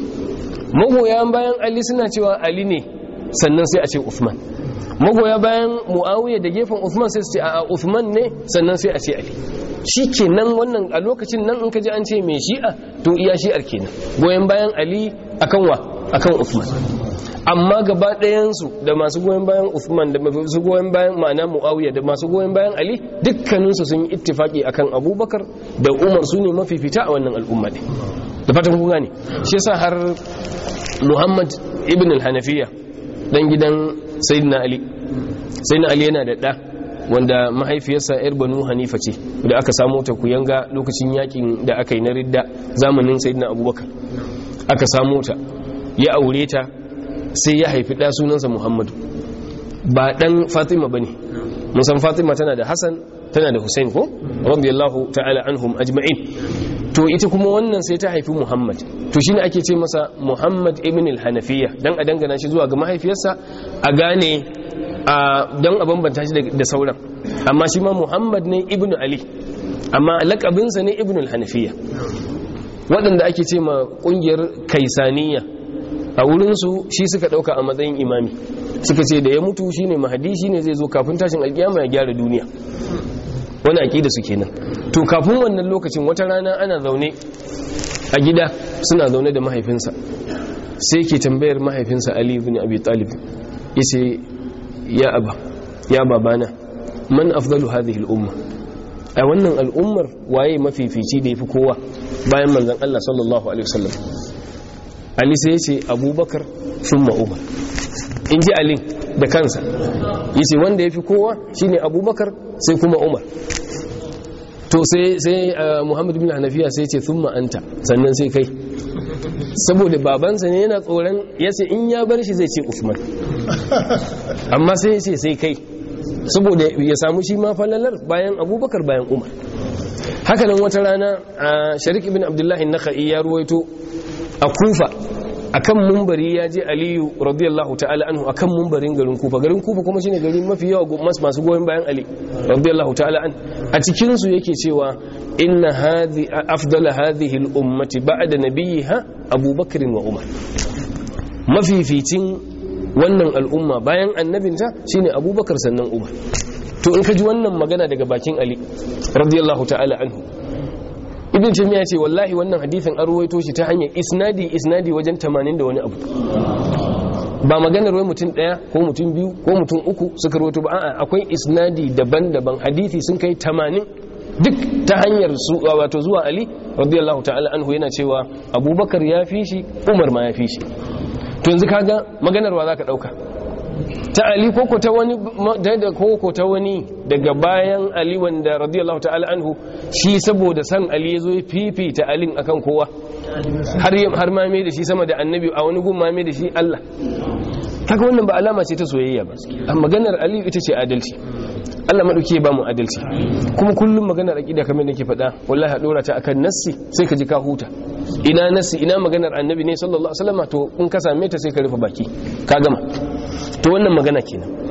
[SPEAKER 1] magoya bayan ali suna cewa ali ne sannan sai a ce usman magoya bayan muawiya da gefen usman sai su ce a usman ne sannan sai a ce ali shi nan wannan a lokacin nan in ka ji an ce mai shi'a to iya shi'ar kenan goyon bayan ali akan wa akan usman amma gaba ɗayansu da masu goyon bayan usman da masu goyon bayan ma'ana muawiya da masu goyon bayan ali dukkaninsu sun yi ittifaki akan abubakar da umar su ne fita a wannan al'umma ne da fatan ku gane shi yasa har muhammad ibn al-hanafiya dan gidan sayyidina ali sayyidina ali yana da da wanda mahaifiyarsa yar banu hanifa ce da aka samu ta kuyanga lokacin yakin da aka yi na ridda zamanin sayyidina abubakar aka samu ta ya aure ta sai ya haifi da sunansa muhammadu ba dan fatima bane mun san fatima tana da hasan tana da husain ko radiyallahu ta'ala anhum ajma'in to ita kuma wannan sai ta haifi muhammad to shi ne ake ce masa muhammad ibn al-hanafiya don a dangana shi zuwa ga mahaifiyarsa a gane don a bambanta shi da sauran amma shi ma muhammad ne ibn ali amma lakabinsa ne ibn al-hanafiya waɗanda ake ce ma ƙungiyar kaisaniya a wurinsu shi suka ɗauka a matsayin imami suka ce da ya mutu shine mahadi ne zai zo kafin tashin alkiyama ya gyara duniya wani aƙida su kenan to kafin wannan lokacin wata rana ana zaune a gida suna zaune da mahaifinsa sai ke tambayar mahaifinsa ali ibn abi talib yace ya aba ya babana man afdalu hadhihi al-umma a wannan al'ummar waye mafifici da yafi kowa bayan manzon Allah sallallahu alaihi wasallam ali sai yace abubakar thumma umar inji ali da kansa yace wanda yafi kowa shine abubakar sai kuma umar to sai eh, muhammadu bin hanafiya sai ce sun ma'anta sannan sai kai saboda babansa ne yana tsoron ya sai in ya bar shi zai ce usman amma sai sai sai kai saboda ya samu shi ma falalar bayan abubakar bayan umar haka nan wata rana a eh, sharik ibn abdullahi naka'i ya ruwaito a kufa akan mumbari ya je aliyu radiyallahu ta'ala anhu akan mumbarin garin kufa garin kufa kuma shine gari mafi yawa masu goyon bayan ali radiyallahu ta'ala an a cikin su yake cewa inna hadhi afdala hadhihi al ummati ba'da nabiyha abubakar wa umar mafificin wannan al'umma bayan annabinta shine abubakar sannan umar to in ka ji wannan magana daga bakin ali radiyallahu ta'ala anhu ibn ya ce wallahi wannan hadisin an ruwaito shi ta hanyar isnadi isnadi wajen 80 da wani abu ba maganar wai mutum daya ko mutum biyu ko mutum uku suka ruwaito ba a'a akwai isnadi daban-daban hadisi sun kai tamanin duk ta hanyar su wato zuwa ali radiyallahu ta'ala anhu yana cewa abubakar ya fi shi umar ma ya fi shi to yanzu kaga maganar wa zaka dauka ta ali ko ko ko ta wani daga bayan ali wanda radiyallahu ta'ala anhu shi saboda san ali ya zo ya fifita alin akan kowa har ma mai da shi sama da annabi a wani gun ma mai da shi allah haka wannan ba alama ce ta soyayya ba a maganar aliyu ita ce adalci Allah maɗauki ba mu adalci kuma kullum maganar aƙida kamar nake faɗa wallahi haɗora ta akan nassi sai ka ji ka huta ina nassi ina maganar annabi ne sallallahu alaihi wasallam to in ka same ta sai ka rufe baki ka gama to wannan magana kenan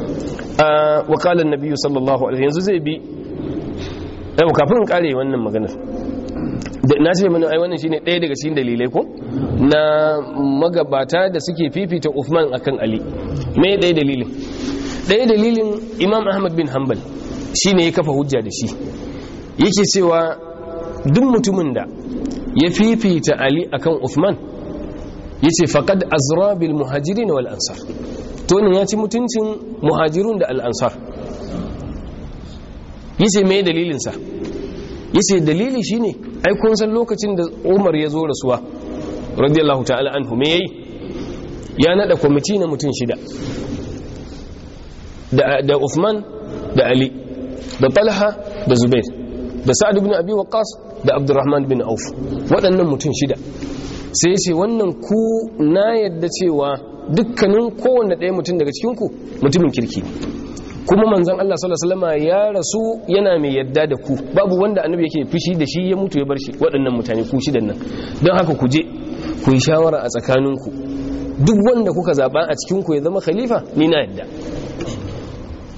[SPEAKER 1] wa qala an-nabi sallallahu alaihi yanzu zai bi yau kafin kare wannan maganar na ce mana ai wannan shine ɗaya daga cikin dalilai ko na magabata da suke fifita Uthman akan Ali me ɗaya dalilin ɗaya dalilin Imam Ahmad bin Hanbal shine ya kafa hujja da shi yake cewa duk mutumin da ya fifita Ali akan Uthman yace fakad azra bil muhajirin wal ansar to ya ci mutuncin muhajirun da al'ansar yace mai dalilinsa yace dalili shine ai lokacin da Umar ya zo rasuwa radiyallahu ta'ala anhu me yayi ya nada kwamiti na mutum shida da da Uthman da Ali da Talha da Zubair da Sa'ad ibn Abi Waqqas da Abdurrahman bin Auf waɗannan mutum shida sai ce wannan ku na yadda cewa dukkanin kowanne ɗaya mutum daga cikinku mutumin kirki kuma manzan Allah sallallahu ya rasu yana mai yadda da ku babu wanda annabi yake fushi da shi ya mutu ya bar shi waɗannan mutane ku shi nan don haka ku je ku yi shawara a tsakaninku duk wanda kuka zaɓa a cikinku ya zama khalifa ni na yadda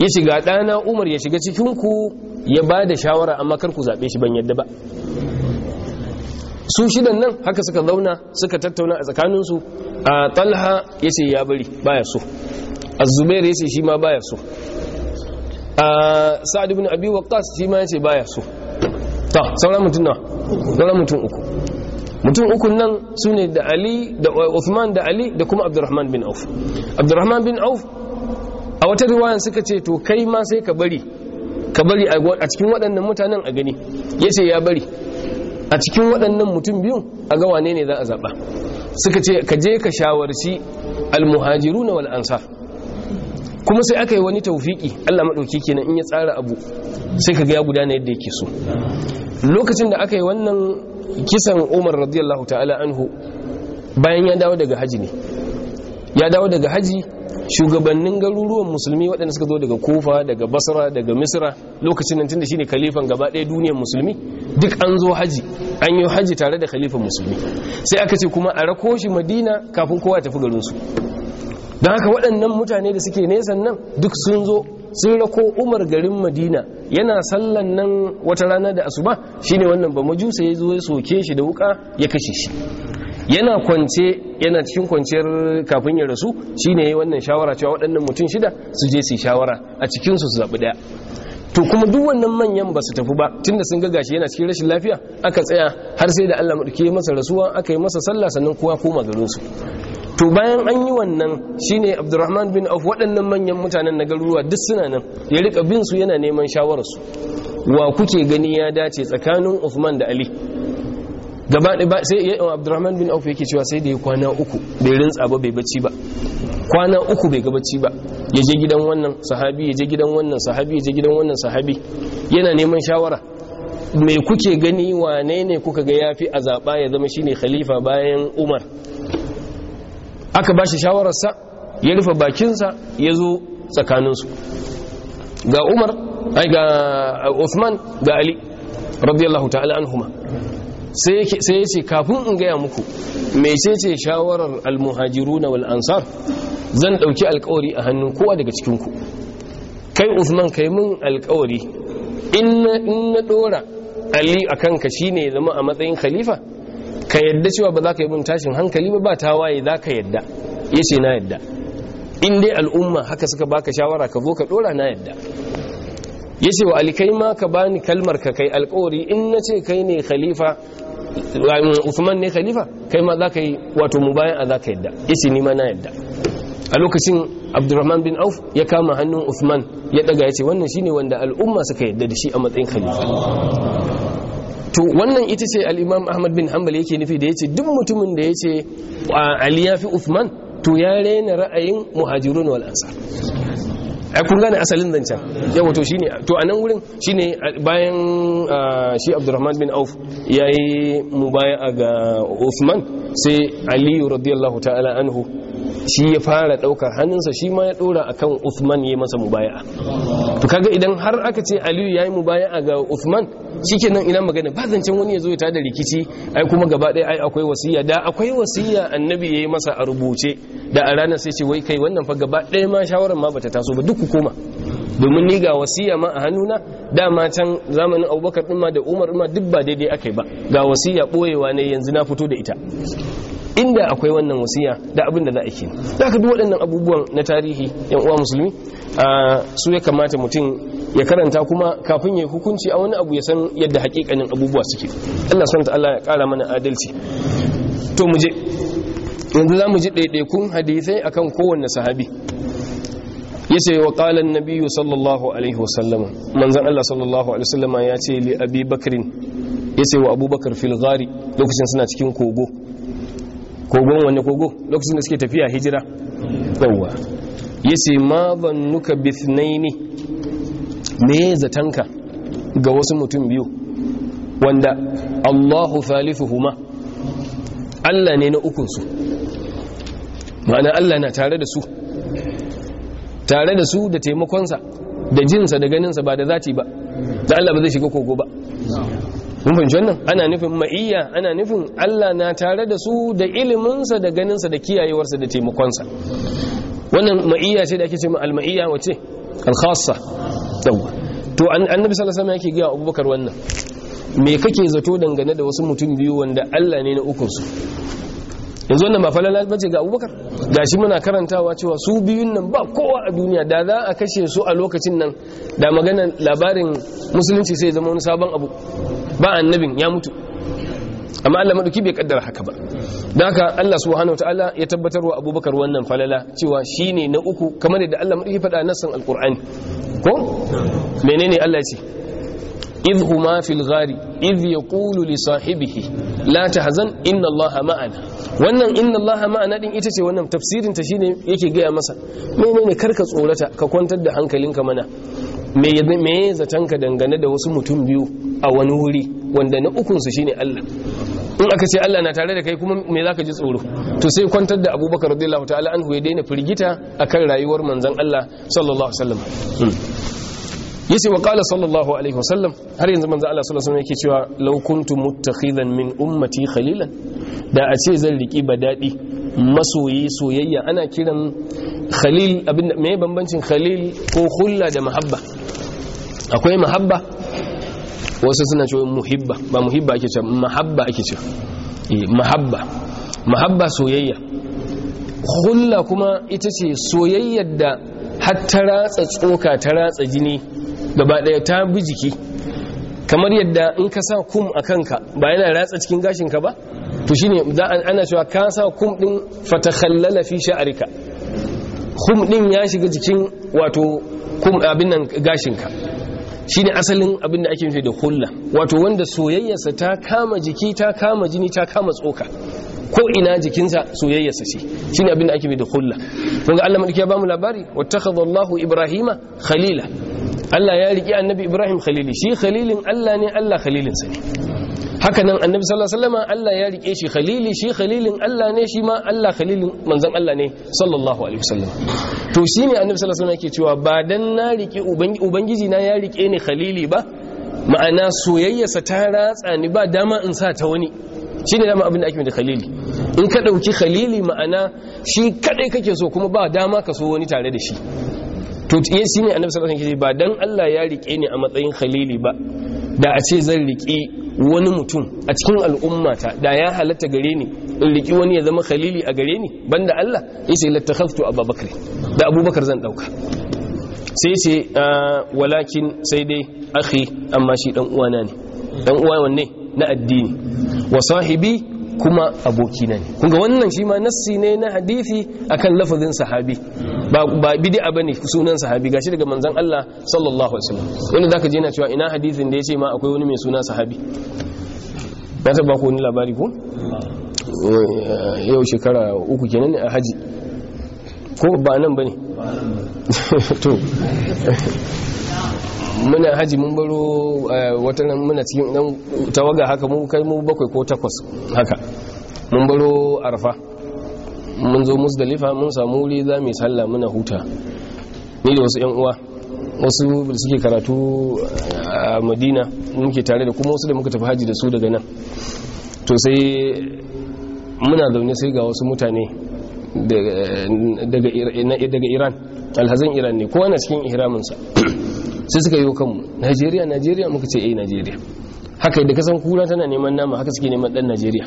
[SPEAKER 1] ya shiga ɗana umar ya shiga cikinku ya ba da shawara amma kar ku zaɓe shi ban yadda ba su shidan nan haka suka zauna suka tattauna a tsakaninsu a talha ya ce ya bari baya so a Zubairu ya ce shi ma baya so a Sa'adu bin abi waqqas shi ma ya ce baya so ta sauran mutum na sauran mutum uku mutum uku nan su ne da ali da uthman da ali da kuma abdurrahman bin auf abdurrahman bin auf a wata riwayan suka ce to kai ma sai ka bari ka bari a cikin waɗannan mutanen a gani ya ce ya bari a cikin waɗannan mutum biyu a ga wane ne za a zaɓa suka ce ka je ka shawarci almuhajiru na wal ansa kuma sai aka yi wani taufiki Allah maɗauki kenan in ya tsara abu sai ka ga ya gudana yadda yake so lokacin da aka yi wannan kisan umar radiyallahu ta'ala anhu bayan ya dawo daga hajji ne ya dawo daga haji shugabannin garuruwan musulmi waɗanda suka zo daga kofa daga basra daga Misira, lokacin nan tunda shine khalifan gaba ɗaya duniyar musulmi duk an zo haji an yi haji tare da khalifan musulmi sai aka ce kuma a rako shi madina kafin kowa tafi garin su don haka waɗannan mutane da suke nesa nan duk sun zo sun rako umar garin madina yana sallan nan wata rana da asuba shine wannan ba majusa ya zo ya soke shi da wuka ya kashe shi yana kwance yana cikin kwanciyar kafin ya rasu shine yayi wannan shawara cewa waɗannan mutum shida su je su shawara a cikin su zaɓi zabi daya to kuma duk wannan manyan ba su tafi ba tunda sun ga gashi yana cikin rashin lafiya aka tsaya har sai da Allah madauke masa rasuwa aka yi masa sallah sannan kowa koma garin su to bayan an yi wannan shine Abdurrahman bin Auf waɗannan manyan mutanen na garuruwa duk suna nan ya rika bin su yana neman shawararsu wa kuke gani ya dace tsakanin Uthman da Ali gaba ba sai ya abdurrahman bin auf yake cewa sai da ya kwana uku bai rintsa ba bai bacci ba kwana uku bai gabaci ba ya je gidan wannan sahabi ya je gidan wannan sahabi ya je gidan wannan sahabi yana neman shawara me kuke gani wane ne kuka ga yafi a zaɓa ya zama shine khalifa bayan umar aka ba shi shawararsa ya rufe bakinsa ya zo tsakaninsu ga umar ai ga usman ga Ali radiyallahu ta'ala anhuma sai ya ce kafin in gaya muku ce shawarar almuhajiru na wal'ansar zan dauki alkawari a hannun kowa daga cikinku kai Usman kai mun alkawari in na dora Ali kan ka shi ne zama a matsayin khalifa ka yadda cewa ba za ka yi mun tashin hankali ba ba tawaye za ka yadda ya ce na yadda in dai al'umma haka suka baka shawara ka zo ka dora na yadda ya ce wa alikai ma ka bani kalmar ka kai alkawari in na ce kai ne khalifa usman ne khalifa kai ma za ka yi wato mu bayan a za ka yadda isi ni ma na yadda a lokacin abdurrahman bin auf ya kama hannun usman ya daga ya ce wannan shine wanda al'umma suka yadda da shi a matsayin khalifa to wannan ita ce al'imam ahmad bin hanbal yake nufi da ya ce duk mutumin da ya ce ali ya fi usman to ya raina ra'ayin muhajirun wal ansar ai kun gane asalin zancen yawa to shine to anan wurin shine bayan ah, shi Abdurrahman bin Auf yayi mubaya ga Usman, sai Ali radiyallahu ta'ala anhu shi ya fara daukar hannunsa shi ma ya dora akan usman yayi masa mubaya. to kaga idan har aka ce Ali yayi mubaya ga usman shikenan ina magana ba zancen wani yazo ya tada rikici ai kuma gaba ɗaya ai akwai wasiya da akwai wasiya annabi ya yi masa a rubuce da a ranar sai ce wai kai wannan fa gaba ɗaya ma shawaran ma bata taso ba duk ku koma domin ni ga wasiya ma a hannuna da matan zamanin abubakar ɗin ma da umar ma duk ba daidai aka yi ba ga wasiya ɓoyewa ne yanzu na fito da ita inda akwai wannan wasiya da abin da za a ke da aka duk waɗannan abubuwan na tarihi yan uwa musulmi su ya kamata mutum ya karanta kuma kafin ya hukunci a wani abu ya san yadda hakikanin abubuwa suke Allah sun ta'ala ya kara mana adalci to mu je yanzu za mu ji ɗaiɗaikun hadisai akan kowanne sahabi yace wa qala nabiyu sallallahu alaihi wasallam manzon Allah sallallahu alaihi wasallam ya ce li abi bakrin ce wa abubakar fil ghari lokacin suna cikin kogo kogon wanne kogo lokacin da suke tafiya hijira yawa ce ma zannuka bi thnaini me zatanka ga wasu mutum biyu wanda Allahu thalithuhuma Allah ne na ukun su ma'ana Allah na tare da su tare da su da taimakonsa da jinsa da ganinsa ba da zati ba da Allah ba zai shiga kogo ba mun fahimci wannan ana nufin ma'iyya ana nufin Allah na tare da su da iliminsa da ganinsa da kiyayewarsa da taimakonsa wannan ma'iyya ce da ake ce ma al-ma'iyya wace al-khassa to annabi sallallahu alaihi wasallam yake ga Abubakar wannan me kake zato dangane da wasu mutum biyu wanda Allah ne na ukun su? yanzu wannan ba falala ce ga abubakar shi muna karantawa cewa su biyun nan ba kowa a duniya da za a kashe su a lokacin nan da maganan labarin musulunci sai zama wani sabon abu ba annabin ya mutu amma Allah maɗuki bai kaddara haka ba don haka Allah subhanahu wataala ya tabbatar wa abubakar wannan falala cewa shine na uku kamar yadda Allah maɗuki faɗa nassan alqur'ani ko menene Allah ce idh huma fil ghari idh yaqulu li sahibihi la tahzan inna allaha ma'ana wannan inna allaha ma'ana din ita ce wannan tafsirin ta shine yake gaya masa menene karka tsorata ka kwantar da hankalinka mana me zaton ka dangane da wasu mutum biyu a wani wuri wanda na ukunsu shine Allah in aka ce Allah na tare da kai kuma me zaka ji tsoro to sai kwantar da Abubakar radiyallahu ta'ala anhu ya daina firgita akan rayuwar manzon Allah sallallahu alaihi wasallam
[SPEAKER 3] hmm.
[SPEAKER 1] yace wa qala sallallahu alaihi wasallam har yanzu manzo Allah sallallahu alaihi wasallam yake cewa law kuntu muttakhidan min ummati khalilan da a ce zan riki badadi masoyi soyayya ana kiran khalil abin me bambancin khalil ko hulla da muhabba akwai muhabba wasu suna cewa muhibba ba muhibba ake cewa muhabba ake cewa eh muhabba muhabba soyayya hulla kuma ita ce soyayyar da har ta ratsa tsoka ta ratsa jini gaba daya ta bi jiki kamar yadda in ka sa kum a kanka ba yana ratsa cikin gashinka ba to shine za ana cewa ka sa kum din fatakhallala fi sha'rika kum din ya shiga jikin wato kum abin nan gashinka shine asalin abin da ake nufi da hulla wato wanda soyayyarsa ta kama jiki ta kama jini ta kama tsoka ko ina jikinsa soyayyarsa ce shine abin da ake nufi da hulla kun ga Allah madaki ya mu labari wattakhadha Allahu Ibrahima khalila Allah ya riƙe annabi Ibrahim khalili shi khalilin Allah ne Allah khalilin sa ne haka nan annabi sallallahu alaihi wasallam Allah ya riƙe shi khalili shi khalilin Allah ne shi ma Allah khalilin manzon Allah ne sallallahu alaihi wasallam to shi ne annabi sallallahu alaihi wasallam yake cewa ba dan na riƙe ubangiji na ya riƙe ni khalili ba ma'ana soyayyarsa ta ratsa ni ba dama in sa ta wani shine dama abin da ake da khalili in ka dauki khalili ma'ana shi kadai kake so kuma ba dama ka so wani tare da shi to ya shi ne annabi sallallahu alaihi ba dan Allah ya rike ni a matsayin khalili ba da a ce zan rike wani mutum a cikin al'ummata da ya halatta gare ni in riki wani ya zama khalili a gare ni banda Allah yace latakhaftu abubakar da abubakar zan dauka sai ce ah, walakin sai dai akhi amma shi dan uwana ne dan uwa wanne na addini wa sahibi kuma abokina ne kunga wannan shi ma nassi ne na hadithi akan lafazin sahabi ba ba bid'a bane sunan sahabi gashi daga manzon Allah sallallahu alaihi wasallam wanda zaka je na cewa ina hadithin da yace ma akwai wani mai suna sahabi ta ba ku wani labari ko yau shekara uku kenan a haji ko ba nan bane to muna haji mun baro eh, wata nan muna cikin dan tawaga haka mu kai mu bakwai ko takwas haka mun baro arfa mun zo musdalifa mun samu wuri za mu salla muna huta ni da wasu yan uwa wasu da suke karatu eh, a madina muke tare da kuma wasu da muka tafi haji da su daga nan to sai muna zaune sai ga wasu mutane daga eh, iran alhazin iran ne kowane na cikin ihraminsa sai suka yi kanmu najeriya najeriya muka ce eh najeriya haka yadda kasan kura tana neman nama haka suke neman dan najeriya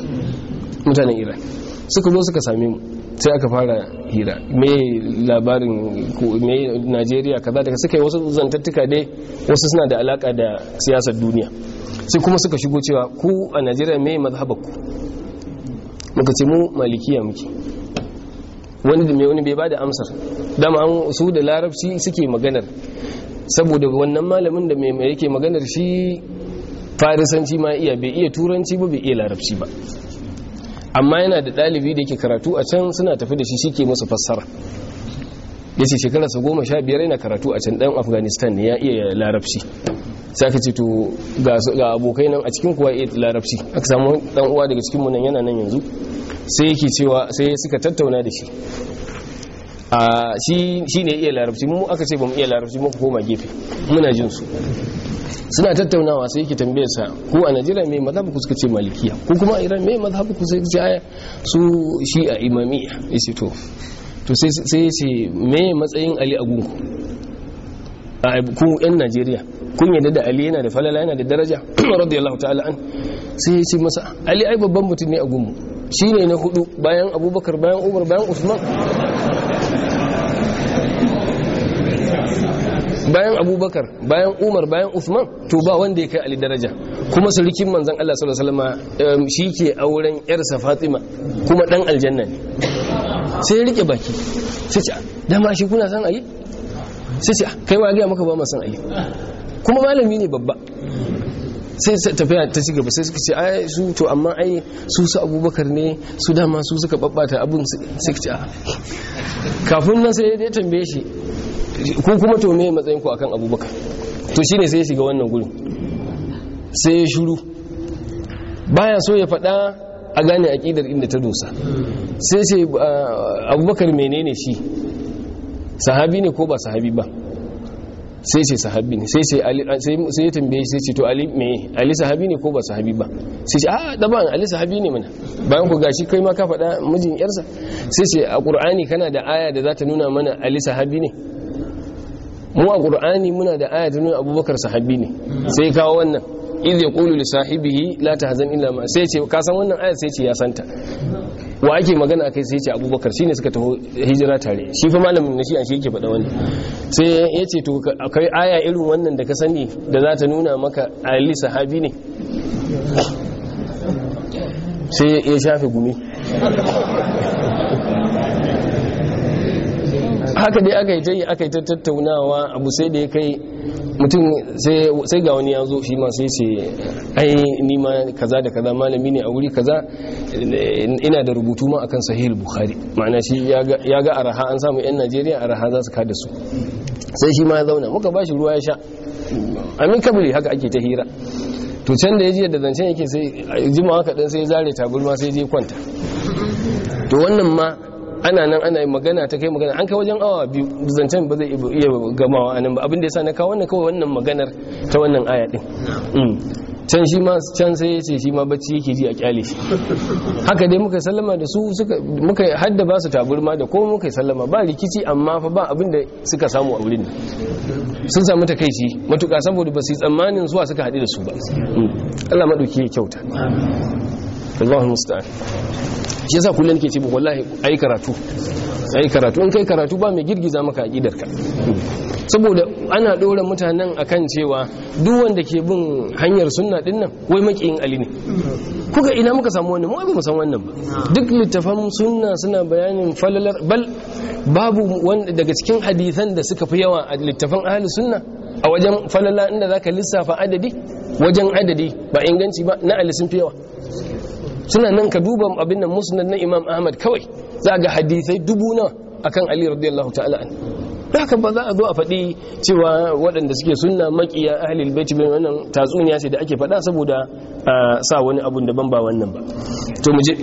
[SPEAKER 1] mutanen iran suka zo suka same mu sai aka fara hira me labarin me najeriya kaza daga suka yi wasu zantattuka dai wasu suna da alaka da siyasar duniya sai kuma suka shigo cewa ku a najeriya me mazhabakku muka ce mu malikiya muke wani da mai wani bai ba da amsar dama su da larabci suke maganar saboda wannan malamin da mai yake maganar shi farisanci ma iya bai iya turanci ba bai iya larabci ba amma yana da ɗalibi da yake karatu a can suna tafi da shi shi ke musu fassara ya ce shekararsa goma sha biyar yana karatu a can ɗan afghanistan ne ya iya larabci sai aka ce to ga abokai nan a cikin kuwa iya larabci aka samu ɗan uwa daga cikin munan yana nan yanzu sai yake cewa sai suka tattauna da shi a shi ne iya larabci mu aka ce ba mu iya larabci muka koma gefe muna jin su suna tattaunawa sai yake tambayar sa ko a Najeriya me mazhabu ku suka ce malikiya ko kuma a Iran me mazhabu ku sai ce aya su shi a imamiya yace to to sai ya ce me matsayin Ali a gunku a ku yan Najeriya kun yadda da Ali yana da falala yana da daraja radiyallahu ta'ala an sai ya ce masa Ali ai babban mutum ne a gunmu shine na hudu bayan Abubakar bayan Umar bayan Usman bayan abubakar bayan umar bayan uthman to ba wanda ya kai ali daraja kuma surukin manzan allah sallallahu alaihi wasallam shi ke auren yarsa fatima kuma dan aljanna ne sai ya rike baki sai ce ah, dama shi kuna san ayi sai ce ah, kai ma gaya maka ba ma san ayi kuma malami ne babba sai tafiya ta ci gaba sai suka ce ai su to amma ai su su abubakar ne su dama su suka babbata abin su ce ah. kafin nan sai ya tambaye shi ku kuma to me matsayin ku akan abubakar to shine sai ya shiga wannan guri sai ya shiru baya so ya faɗa a gane aƙidar inda ta dosa sai sai ah, abubakar menene shi sahabi ne ko ba sahabi ba sai ce sahabi ne sai sai ya tambaye sai ce to ali me ali sahabi ne ko ba sahabi ba sai ce a ah, daban ali sahabi ne mana bayan ku gashi kai ma ka faɗa mijin yarsa sai ce a qur'ani kana da aya da za ta nuna mana ali sahabi ne mu a qur'ani muna da aya nuna abubakar sahabi ne sai kawo wannan idh yaqulu li sahibihi la tahzan illa ma sai ce ka san wannan aya sai ce ya santa wa ake magana akai sai ce abubakar shine suka taho hijira tare shi fa malamin na shi an shi yake faɗa wani sai ya ce to akwai aya irin wannan da ka sani da za ta nuna maka ali sahabi ne sai ya shafe gumi haka dai aka yi ta aka yi tattaunawa abu sai da ya kai mutum sai ga wani ya zo shi ma sai ce ai nima kaza da kaza malami ne a wuri kaza ina da rubutu ma akan sahih bukhari ma'ana shi ya ga araha an samu yan najeriya araha za su kada su sai shi ma ya zauna muka ba shi ruwa ya sha amin kabiri haka ake ta hira to can da ya ji da zancen yake sai jimawa kaɗan sai zare ma sai je kwanta to wannan ma ana nan ana yi magana ta kai magana an kai wajen awa biyu zancen ba zai iya gamawa anan ba abin da sa na kawo wannan kawai wannan maganar ta wannan aya din mm. can shi ma can sai ya ce shi ma bacci yake ji a kyale shi haka dai muka sallama da su muka hadda ba su taburma da ko muka sallama ba rikici amma fa ba abin da suka samu a wurin sun samu takaici matuka saboda ba su yi tsammanin zuwa suka haɗu da su ba mm. Allah maɗauki ya kyauta Allahu musta'an shi yasa kullun ke ce bu wallahi ai karatu ai karatu in kai karatu ba mai girgiza maka ka saboda ana dora mutanen akan cewa duk wanda ke bin hanyar sunna din nan wai makiyin ali ne kuka ina muka samu wannan mu ba mu san wannan ba duk littafan sunna suna bayanin falalar bal babu wanda daga cikin hadisan da suka fi yawa a littafan ahli sunna a wajen falala inda zaka lissafa adadi wajen adadi ba inganci ba na ali sun fi yawa suna nan ka duba abin nan musnad na imam ahmad kawai za ga hadisai dubu na akan ali radiyallahu ta'ala an haka ba za a zo a faɗi cewa waɗanda suke sunna makiya ahlul bait bin wannan tatsuniya ce da ake faɗa saboda ah, sa wani abun daban ba wannan ba to mu je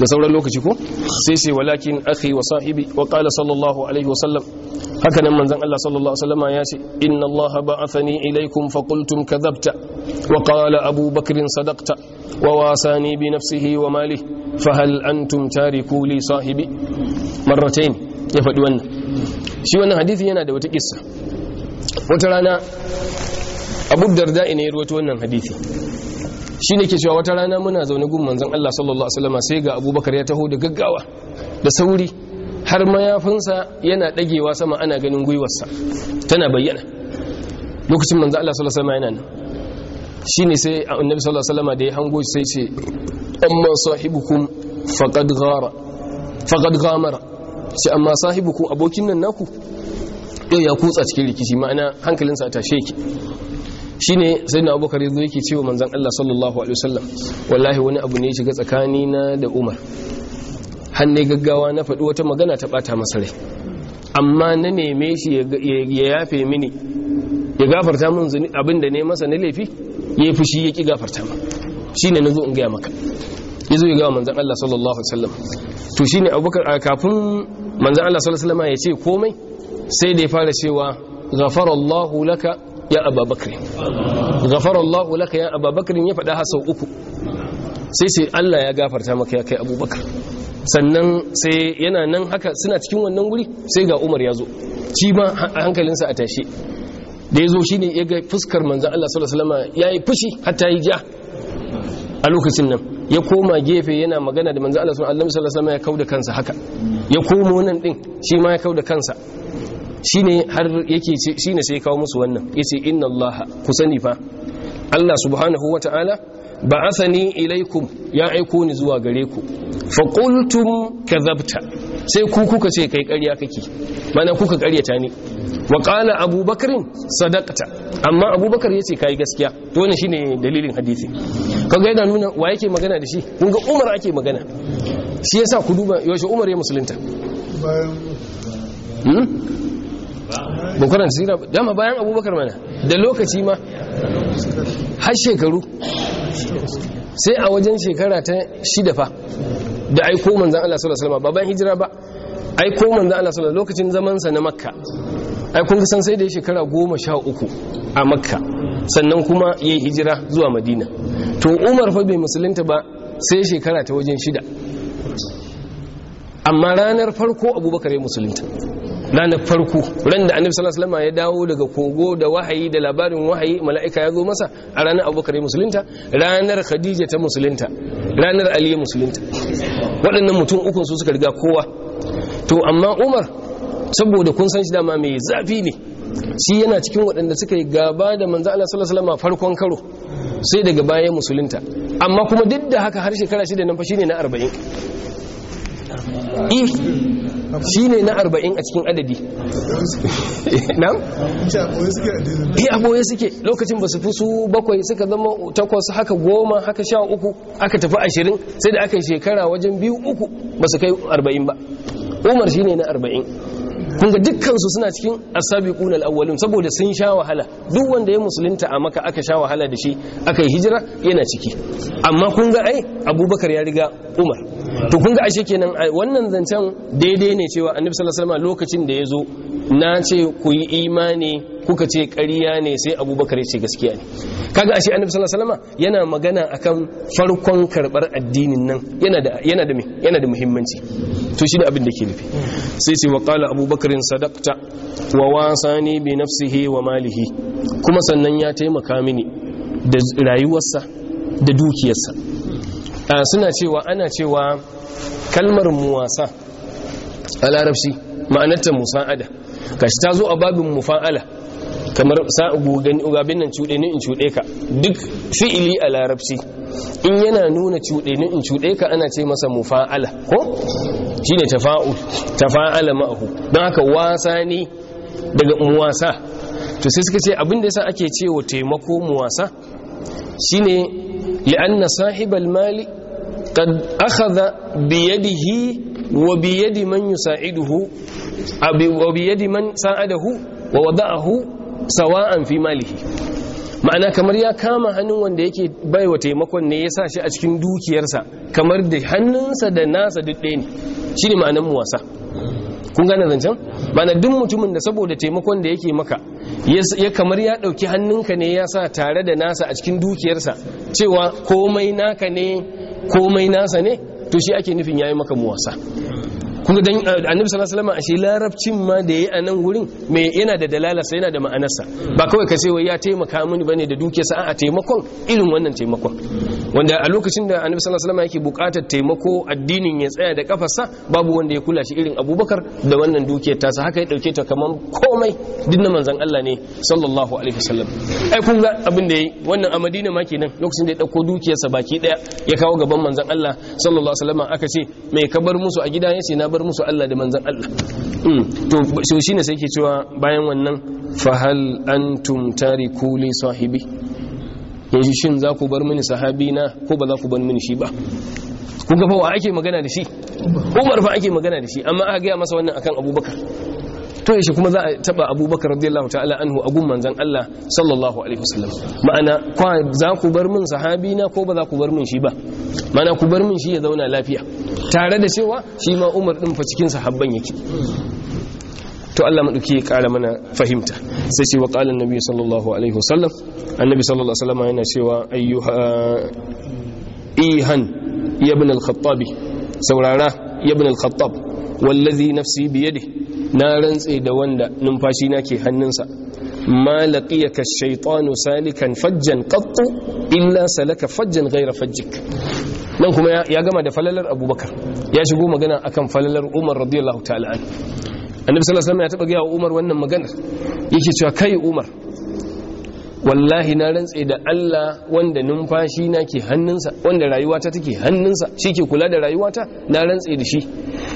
[SPEAKER 1] da sauran lokaci ko sai sai walakin akhi wa sahibi wa qala sallallahu alaihi wa sallam haka nan manzon Allah sallallahu alaihi wa ya ce inna Allah ba'athani ilaikum fa qultum kadhabta wa qala Abu Bakr sadaqta wa wasani bi nafsihi wa mali fa hal antum tariku li sahibi marratayn ya faɗi wannan shi wannan hadisi yana da wata kissa wata rana Abu Darda ne ya wannan hadisi shi ne ke cewa wata rana muna zaune gun manzan Allah sallallahu Alaihi wasallama sai ga abubakar ya taho da gaggawa da sauri har mayafinsa yana ɗagewa sama ana ganin gwiwarsa tana bayyana lokacin manzan Allah sallallahu Alaihi wasallama yana nan shi ne sai annabi sallallahu Alaihi wasallama da ya hango sai ce amma sahibukum faqad ghara faqad ghamara sai amma sahibukum abokin nan naku yau ya kutsa cikin rikici ma'ana hankalinsa a tashe ki shine na abubakar yanzu yake cewa manzan Allah sallallahu alaihi wasallam wallahi wani abu ne ya shiga tsakani na da Umar hannun gaggawa na faɗi wata magana ta ɓata masa rai amma na neme shi ya yafe mini ya gafarta min zuni abinda ne masa na laifi Ya fi shi ya ki gafarta ne na zo in gaya maka Ya zo ya gawa manzan Allah sallallahu alaihi wasallam to ne abubakar kafin manzan Allah sallallahu alaihi wasallam ya ce komai sai da ya fara cewa ghafarallahu laka ya ababakar gafara Allah laka ya ababakar ya faɗa hasau uku sai sai Allah ya gafarta maka ya kai abubakar sannan sai yana nan haka suna cikin wannan guri sai ga umar ya zo shi ma hankalinsa a tashe da ya zo shi ne ya ga fuskar manzan Allah sallallahu ya yi fushi hatta yi ja a lokacin nan ya koma gefe yana magana da manzan Allah sallallahu ya kauda kansa haka ya komo nan din shi ma ya kauda kansa shine har yake shine sai kawo musu wannan yace inna allaha ku sani fa allah subhanahu wataala ba'athani ilaikum ya aiko ni zuwa gare ku fa qultum kadhabta sai ku kuka ce kai ƙarya kake mana kuka ƙaryata ni. wa qala Abubakar sadaqta amma abubakar yace kai gaskiya to wannan shine dalilin hadisi kaga yana nuna wa yake magana da shi kun ga umar ake magana shi yasa ku duba yaushe umar ya musulunta hmm?
[SPEAKER 3] ba
[SPEAKER 1] sira ba dama bayan abubakar mana da lokaci ma har shekaru sai a wajen shekara ta shida fa da aiko manzan Allah sallallahu alaihi wasallam ba bayan hijira ba aiko manzan Allah sallallahu lokacin zaman sa na makka ai kun san sai da ya shekara goma sha uku a makka sannan kuma ya yi hijira zuwa madina to umar fa bai musulunta ba sai shekara ta wajen shida amma ranar farko abubakar ya musulunta ranar farko ran da annabi sallallahu alaihi wasallam ya dawo daga kogo da wahayi da labarin wahayi mala'ika ya zo masa a ranar abubakar musulunta ranar khadija ta musulunta ranar ali musulunta waɗannan mutum uku su suka riga kowa to amma umar saboda kun san shi dama mai zafi ne shi yana cikin waɗanda suka yi gaba da manzo Allah sallallahu alaihi wasallam farkon karo sai daga baya musulunta amma kuma duk da haka har shekara shida nan fa shine na 40 if eh, shi ne na arba'in a cikin adadi na? iya eh, aboye suke lokacin ba su fi su bakwai suka zama takwas haka goma haka sha uku aka tafi ashirin sai da aka shekara wajen biyu uku ba su kai arba'in ba umar shi ne na arba'in kunga dukkansu suna cikin asabi kunal awwalin saboda sun sha wahala duk wanda ya musulunta a maka aka sha wahala da shi aka yi hijira yana ciki amma kunga ai abubakar ya riga umar to kun ga ashe kenan wannan zancen daidai ne cewa annabi sallallahu alaihi wasallam lokacin da ya zo na ce ku yi imani kuka ce ƙarya ne sai abubakar ya ce gaskiya ne kaga ashe annabi sallallahu alaihi wasallam yana magana akan farkon karbar addinin nan yana da yana da me yana da muhimmanci to shi da abin da ke nufi sai ce wa qala abubakar sadaqta wa wasani bi nafsihi wa malihi kuma sannan ya taimaka mini da rayuwarsa da dukiyarsa suna cewa ana cewa kalmar muwasa a larabci ma'anarta musa'ada kashi ta zo a babin mufa'ala kamar gabin nan cuɗe ni in cuɗe ka duk fi'ili a larabci in yana nuna cuɗe ni in cuɗe ka ana ce masa mufa'ala ko shi ne tafa'ala ma'ahu don haka wasa ne daga muwasa to sai suka ce abinda yasa ake ce wa taimako muwasa shine li'anna sahibal mali قد أخذ بيده وبيد من يساعده وبيد من ساعده ووضعه سواء في ماله ma'ana kamar ya kama hannun wanda yake bai wa taimakon ne ya sa shi a cikin dukiyarsa kamar da hannunsa da nasa duk ɗaya ne shi ne ma'anan muwasa kun gane zancen mana duk mutumin da saboda taimakon da yake maka ya kamar ya ɗauki hannunka ne ya sa tare da nasa a cikin dukiyarsa cewa komai naka ne komai nasa ne to shi ake nufin ya yi maka muwasa kun dan eh, annabi sallallahu alaihi wasallam ashe larabcin ma da yayi a nan gurin me yana da dalala sai yana da ma'anarsa ba kawai ka ce wai ya taimaka mini bane da dukiyarsa a taimakon irin wannan taimakon wanda a lokacin da annabi sallallahu alaihi wasallam yake buƙatar taimako addinin ya tsaya da kafarsa babu wanda ya kula shi irin abubakar da wannan dukiyar sa haka ya dauke ta kaman komai duk na manzon Allah ne sallallahu alaihi wasallam ai kun ga abin da yayi wannan a Madina ma kenan lokacin da ya dauko dukiyarsa baki daya ya kawo gaban manzon Allah sallallahu alaihi wasallam aka ce me ka bar musu a gidan yace na bar musu Allah da manzan Allah hmm. to so shine sai ke cewa bayan wannan fahal antum tariku li sahibi yanzu shin za ku bar mini sahabi na ko ba za ku bar mini shi ba kun ga fa wa ake magana da shi Umar fa ake magana da shi amma aka gaya masa wannan akan Abubakar to yaushe kuma za a taba abubakar radiyallahu ta'ala anhu a gun manzan Allah sallallahu alaihi wasallam ma'ana kwa za ku bar min sahabi na ko ba za ku bar min shi ba ma'ana ku bar min shi ya zauna lafiya tare da cewa shi ma Umar din fa cikin sahabban yake to Allah maɗauki ya ƙara mana fahimta sai ce wa ƙalan nabi sallallahu alaihi wasallam annabi sallallahu alaihi wasallam yana cewa ayyuha ihan ibn al-khattab saurara ibn al-khattab wallazi nafsi biyadi na rantse da wanda numfashi na ke hannunsa ma laqiyaka shaytanu salikan fajjan qattu illa salaka fajjan ghayra fajjik nan kuma ya gama da falalar abubakar ya shigo magana akan falalar umar radiyallahu ta'ala annabi sallallahu alaihi wasallam ya taba gaya wa umar wannan maganar yake cewa kai umar wallahi na rantse da Allah wanda numfashi na ke hannunsa wanda rayuwata take hannunsa shi ke kula da rayuwata na rantse da shi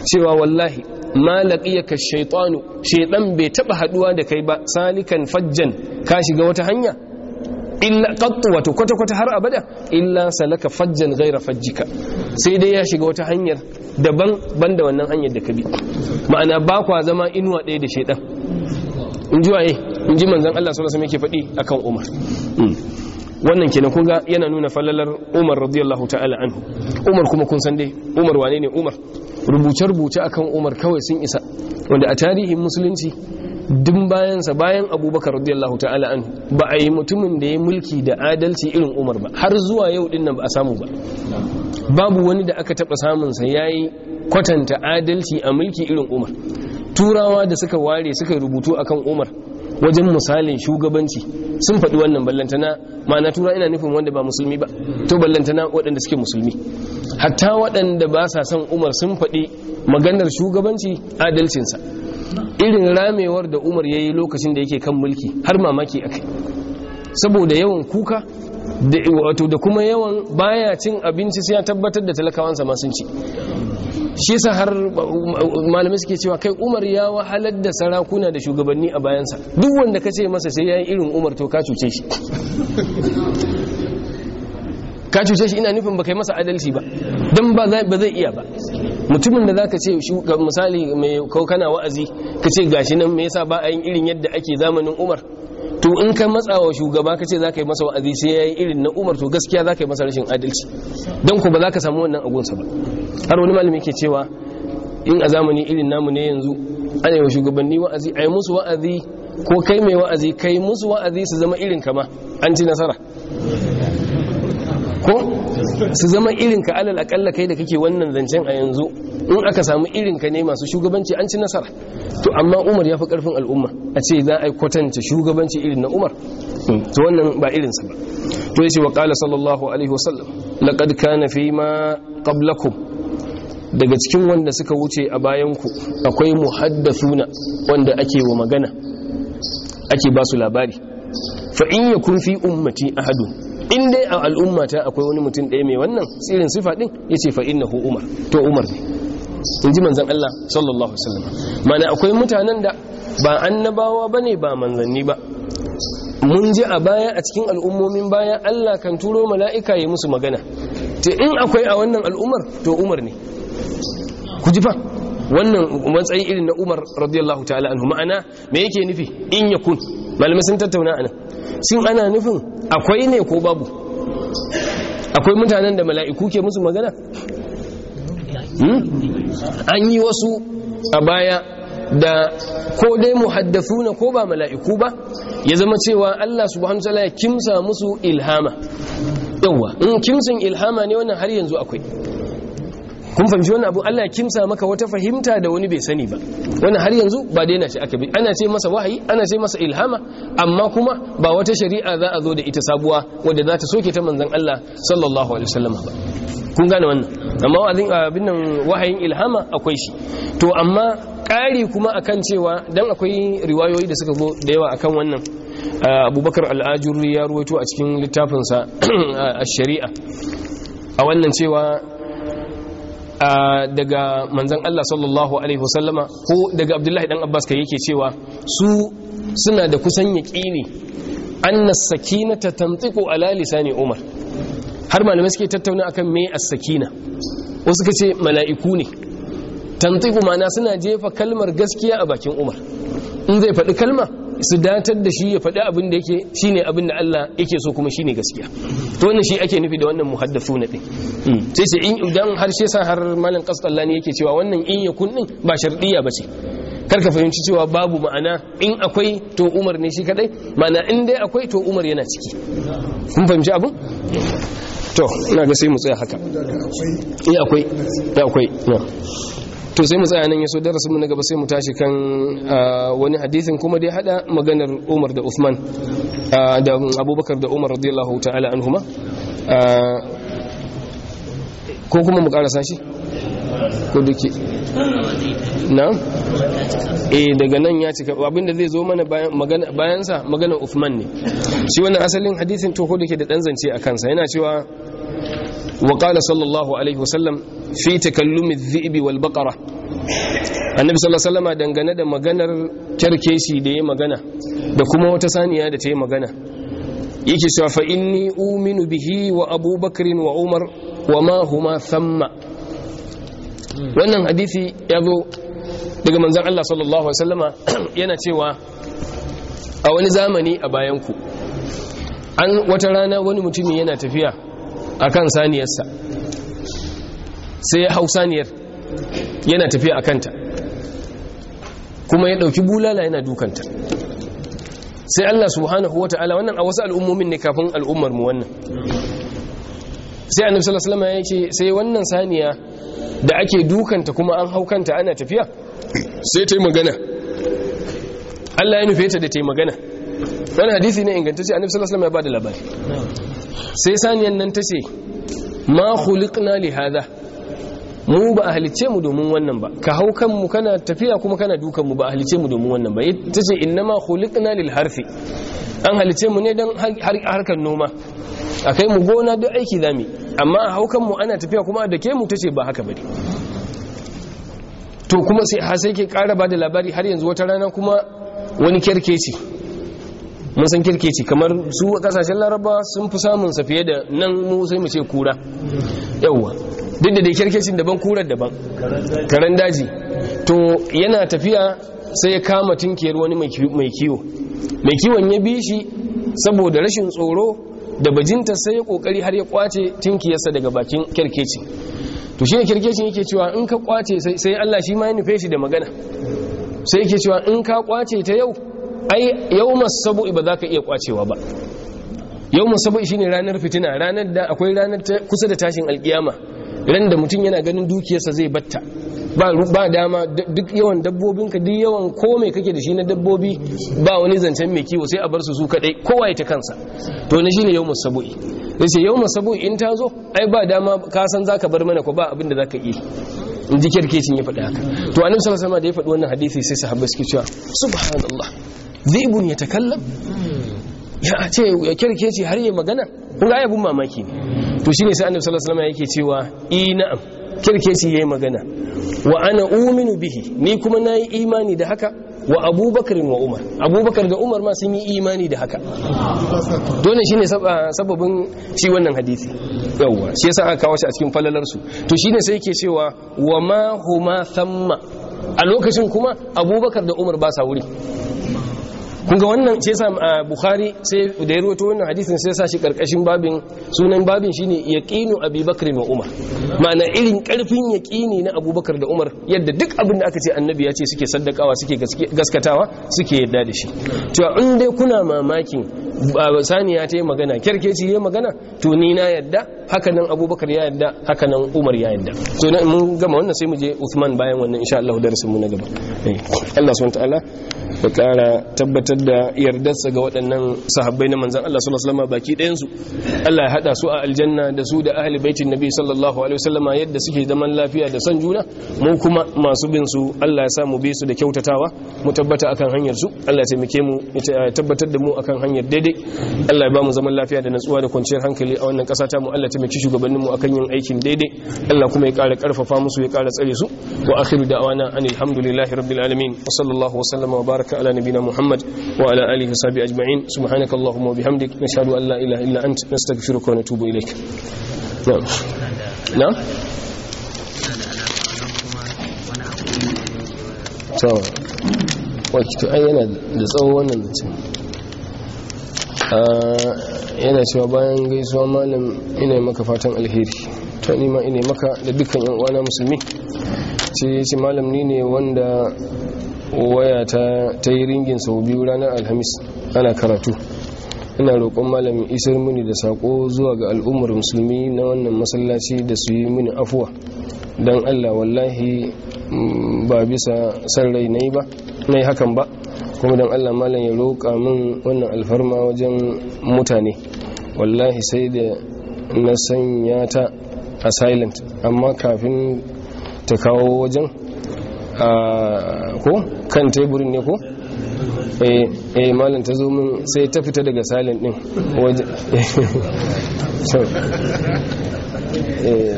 [SPEAKER 1] cewa wallahi ma laqiyaka shaytanu shaydan bai taba haɗuwa da kai ba salikan fajjan ka shiga wata hanya illa qattu wato kwata kwata har abada illa salaka fajjan ghaira fajjika sai dai ya shiga wata hanyar daban banda wannan hanyar da ka bi ma'ana ba kwa zama inuwa ɗaya da shaytan in ji waye in ji manzon Allah sallallahu alaihi wasallam yake faɗi akan Umar hmm. wannan kenan kun ga yana nuna falalar Umar radiyallahu ta'ala anhu Umar kuma kun san dai Umar wane ne Umar rubuce rubuce akan Umar kawai sun isa wanda a tarihin musulunci bayan bayansa bayan abubakar radiyallahu ta'ala anhu ba a yi mutumin da ya mulki da adalci irin umar ba har zuwa yau din nan ba a samu ba babu wani da aka taɓa samun ya yi kwatanta adalci a mulki irin umar turawa da suka ware suka rubutu akan umar wajen misalin shugabanci sun faɗi wannan ballantana ma'ana tura ina nufin wanda ba musulmi ba to ballantana waɗanda suke musulmi hatta waɗanda ba sa son umar sun faɗi maganar shugabanci adalcinsa irin ramewar da umar ya yi lokacin da yake kan mulki har mamaki akai saboda yawan kuka wato da kuma yawan baya cin abinci sai ya tabbatar da talakawansa ma sun ci shi yasa har malamai suke cewa kai umar ya wahalar da sarakuna da shugabanni a bayansa duk wanda ka ce masa sai yayin irin umar to ka cuce shi ka cuce shi ina nufin ba kai masa adalci ba don ba zai iya ba mutumin da za ka ce misali mai kaukana wa'azi ka ce gashi nan me yasa ba a yin irin yadda ake zamanin umar to in ka matsa wa shugaba ka ce za ka yi masa wa'azi sai ya yi irin na umar to gaskiya za ka yi masa rashin adalci don ku ba za ka samu wannan agunsa ba har wani malami ke cewa in a zamani irin namu ne yanzu ana yi wa shugabanni wa'azi a yi musu wa'azi ko kai mai wa'azi kai musu wa'azi su zama irin kama an ci nasara ko su zama irin ka alal akalla kai da kake wannan zancen a yanzu in aka samu irin ne masu shugabanci an ci nasara to amma umar ya fi karfin al'umma a ce za a yi kwatanta shugabanci irin na umar
[SPEAKER 3] hmm,
[SPEAKER 1] to wannan ba irinsa ba to yace wa qala sallallahu alaihi wasallam laqad kana fi ma qablakum daga cikin wanda suka wuce a bayan ku akwai muhaddathuna wanda ake wa magana ake ba su labari fa in yakun fi ummati ahadun in dai a al'ummata akwai wani mutum ɗaya mai wannan tsirin sifa ɗin ya ce fa innahu umar to umar ne in ji manzan Allah sallallahu Alaihi wasallam mana akwai mutanen da ba annabawa ba ne ba manzanni ba mun ji a baya a cikin al'ummomin baya Allah kan turo mala'ika ya musu magana ta in akwai a wannan al'ummar to umar ne ku ji fa wannan matsayi irin na umar radiyallahu ta'ala anhu ma'ana me yake nufi in ya kun malamai sun tattauna anan sun ana nufin akwai ne ko babu akwai mutanen da mala'iku ke musu magana Hmm? an yi wasu a baya da ko dai na ko ba mala'iku ba ya zama cewa Allah subhanahu wa ya kimsa musu ilhama yawa in kimsin ilhama ne wannan har yanzu akwai kun fahimci wani abu Allah ya kimsa maka wata fahimta da wani bai sani ba wani har yanzu ba daina shi aka bi ana ce masa wahayi ana ce masa ilhama amma kuma ba wata shari'a za a zo da ita sabuwa wadda za ta soke ta manzon Allah sallallahu alaihi wasallam ba kun gane wannan amma wazin abin nan wahayin ilhama akwai shi to amma ƙari kuma akan cewa dan akwai riwayoyi da suka zo da yawa akan wannan ah, abubakar al'ajuri ya ruwaito a cikin littafinsa a shari'a a wannan cewa daga manzan Allah sallallahu alaihi wasallama ko daga abdullahi dan abbas ka yake cewa su suna da kusan Annas anna ta a ala ne umar har malamai suke tattauna akan me as-sakina wasu ce mala'iku ne tantiqu ma'ana suna jefa kalmar gaskiya a bakin umar in zai faɗi kalma su datar da shi ya faɗi abin da yake ne abin da Allah yake so kuma ne gaskiya to wannan shi ake nufi da wannan na ɗin hmm. sai sai in idan har shi sa har malam ne yake cewa wannan in ya din ba shardiya bace karka fahimci cewa babu ma'ana in akwai to umar ne shi kadai ma'ana in dai akwai to umar yana ciki kun fahimci abin to ina ga sai mu tsaya haka eh akwai eh, akwai to sai mu tsaya nan yaso darasin mu na gaba sai mu tashi kan wani hadisin kuma dai hada maganar Umar da Uthman da Abubakar da Umar radiyallahu ta'ala anhuma ko kuma mu karasa shi ko duke na eh daga nan ya cika abinda zai zo mana bayan bayansa maganar Uthman ne shi wannan asalin hadisin to ko duki da dan zance a kansa yana cewa وقال صلى الله عليه وسلم في تكلم الذئب والبقرة annabi sallallahu alaihi dangane da maganar kyarkeci da ya magana da kuma wata saniya da ta yi magana yake cewa fa inni uminu bihi wa abubakar wa umar wa ma huma wannan hadisi ya zo daga manzon Allah sallallahu alaihi wasallama yana cewa a wani zamani a bayanku ku wata rana wani mutumi yana tafiya akan saniyarsa sai ya hau saniyar yana tafiya a kanta kuma ya ɗauki bulala yana dukanta sai Allah subhanahu wa ta'ala wannan a wasu al'ummomin ne kafin al'ummar mu wannan sai annabi sallallahu alaihi wasallam ya ce sai wannan saniya da ake dukanta kuma an hau kanta ana tafiya sai ta yi magana Allah ya nufe ta da ta yi magana wani hadisi ne ingantacce annabi sallallahu alaihi wasallam ya bada
[SPEAKER 3] labari
[SPEAKER 1] sai saniyan nan ta ce ma khuliqna li hada mu ba a halice mu domin wannan ba ka hau kanmu kana tafiya kuma kana dukan mu ba a halice mu domin wannan ba ita ce ma khuliqna lil harfi an halice mu ne don harkar noma a kai mu gona duk aiki zami amma a hau mu ana tafiya kuma da ke mu ta ce ba haka bane to kuma sai sai ke kara ba da labari har yanzu wata rana kuma wani kyarkeci mun san kirkeci kamar su kasashen laraba sun fi samun sa fiye da nan mu sai mu ce kura yawwa duk da dai kirkecin daban kurar daban karen daji to yana tafiya sai ya kama tunkiyar wani mai kiwo mai kiwon ya bi shi saboda rashin tsoro da bajinta sai ya kokari har ya kwace tunkiyarsa daga bakin kirkeci to shi ne kirkecin yake cewa in ka kwace sai Allah shi ma ya nufe shi da magana sai yake cewa in ka kwace ta yau ai yawma sabu'i ba za ka iya kwacewa ba yawma sabu'i shine ranar fitina ranar da akwai ranar kusa da tashin alkiyama ran da mutum yana ganin dukiyarsa zai batta ba dama duk yawan dabbobinka duk yawan kome kake da shi na dabbobi ba wani zancen mai kiwo sai a bar su su kadai kowa ya ta kansa to ne shine yawmus sabu'i sai yawmus sabu'i in ta zo ai ba dama ka san zaka bar mana ko ba abin da zaka yi in ji kirkicin ya faɗi haka to annabi sallallahu alaihi wasallam da ya faɗi wannan hadisi sai sahabbai suke cewa subhanallah zibun ya takallam ya ce ya ce har yi magana kun ga yabun mamaki ne to shine sai annabi sallallahu alaihi wasallam yake cewa i na'am ce yayi magana wa ana uminu bihi ni kuma nayi imani da haka wa abubakar wa umar abubakar da umar ma sun yi imani da haka dole shine ah, sababin shi wannan hadisi yawa shi yasa aka kawo shi a cikin falalar su to shine sai yake cewa wa ma huma thamma a lokacin kuma abubakar da umar ba sa wuri kun ga wannan sa a bukhari sai da ya ruwato wannan hadisin sai sa shi karkashin babin sunan babin shine yaqinu abubakar da umar ma'ana irin karfin kini na abubakar da umar yadda duk abin da aka ce annabi ya ce suke sadakawa suke gaskatawa suke yadda da shi to in dai kuna mamakin saniya ta yi magana kyarkeci ya magana to ni na yadda hakanan abubakar ya yadda hakanan umar ya yadda to mun gama wannan sai mu je uthman bayan wannan insha Allah darasin mu na gaba eh, Allah subhanahu wa ta'ala ya kara tabbatar da yardarsa ga waɗannan sahabbai na manzan Allah sallallahu alaihi baki su Allah ya haɗa su a aljanna da su da ahli baitin nabi sallallahu alaihi wasallam yadda suke zaman lafiya da son juna mu kuma masu bin su Allah ya sa mu bi su da kyautatawa mu tabbata akan hanyar su Allah ya taimake mu ya tabbatar da mu akan hanyar daidai Allah ya ba mu zaman lafiya da natsuwa da kwanciyar hankali a wannan ƙasa ta mu Allah ya taimake shugabannin akan yin aikin daidai Allah kuma ya ƙara ƙarfafa musu ya ƙara tsare su wa akhiru da'wana anil hamdulillahi rabbil alamin sallallahu wa sallama wa baraka وبارك على نبينا محمد وعلى آله وصحبه أجمعين سبحانك اللهم وبحمدك نشهد أن لا إله إلا أنت نستغفرك ونتوب إليك نعم نعم tawa wakito ai yana da tsawon wannan mutum yana cewa bayan gaisuwa malam ina maka fatan alheri ta nima ina maka da dukkan yan uwana musulmi ce ce malam ni ne wanda waya ta yi ringin sau biyu ranar alhamis ana karatu ina roƙon malamin isar muni da saƙo zuwa ga al'ummar musulmi na wannan masallaci da su yi mini afuwa don allah wallahi mm, ba bisa san rai na yi ba na yi hakan ba kuma don allah malam ya roƙa min wannan alfarma wajen mutane wallahi sai da na sanya ta a silent amma kafin ta kawo wajen ko kan teburin ne ko eh, eh malam ta zo min sai ta fita daga salin din waje eh,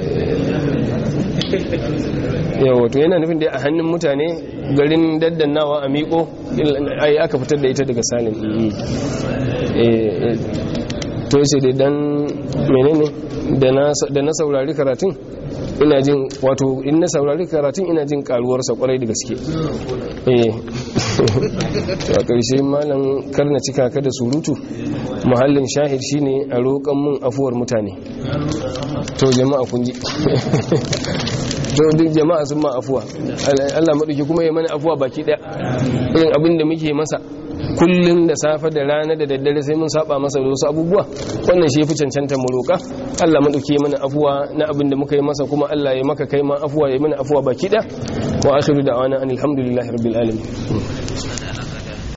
[SPEAKER 1] Yau to yana nufin da a hannun mutane garin daddannawa a miko ai aka fitar da ita daga salin to yace dai dan menene da na saurari karatun ina jin wato in na saurari karatun ina jin karuwarsa kwarai da gaske eh a karshe malam karna cika ka da surutu muhallin shahid shine a roƙon mun afuwar mutane to jama'a kun ji don jama'a sun ma afuwa Allah maɗuki kuma ya mana afuwa baki ɗaya irin abin da muke masa kullum da safe da rana da daddare sai mun saba masa da wasu abubuwa wannan shi fi cancanta mu roƙa Allah ya mana afuwa na abin da muka yi masa kuma Allah ya maka kai ma afuwa ya mana afuwa baki ɗaya wa akhiru da'wana alhamdulillahi rabbil alamin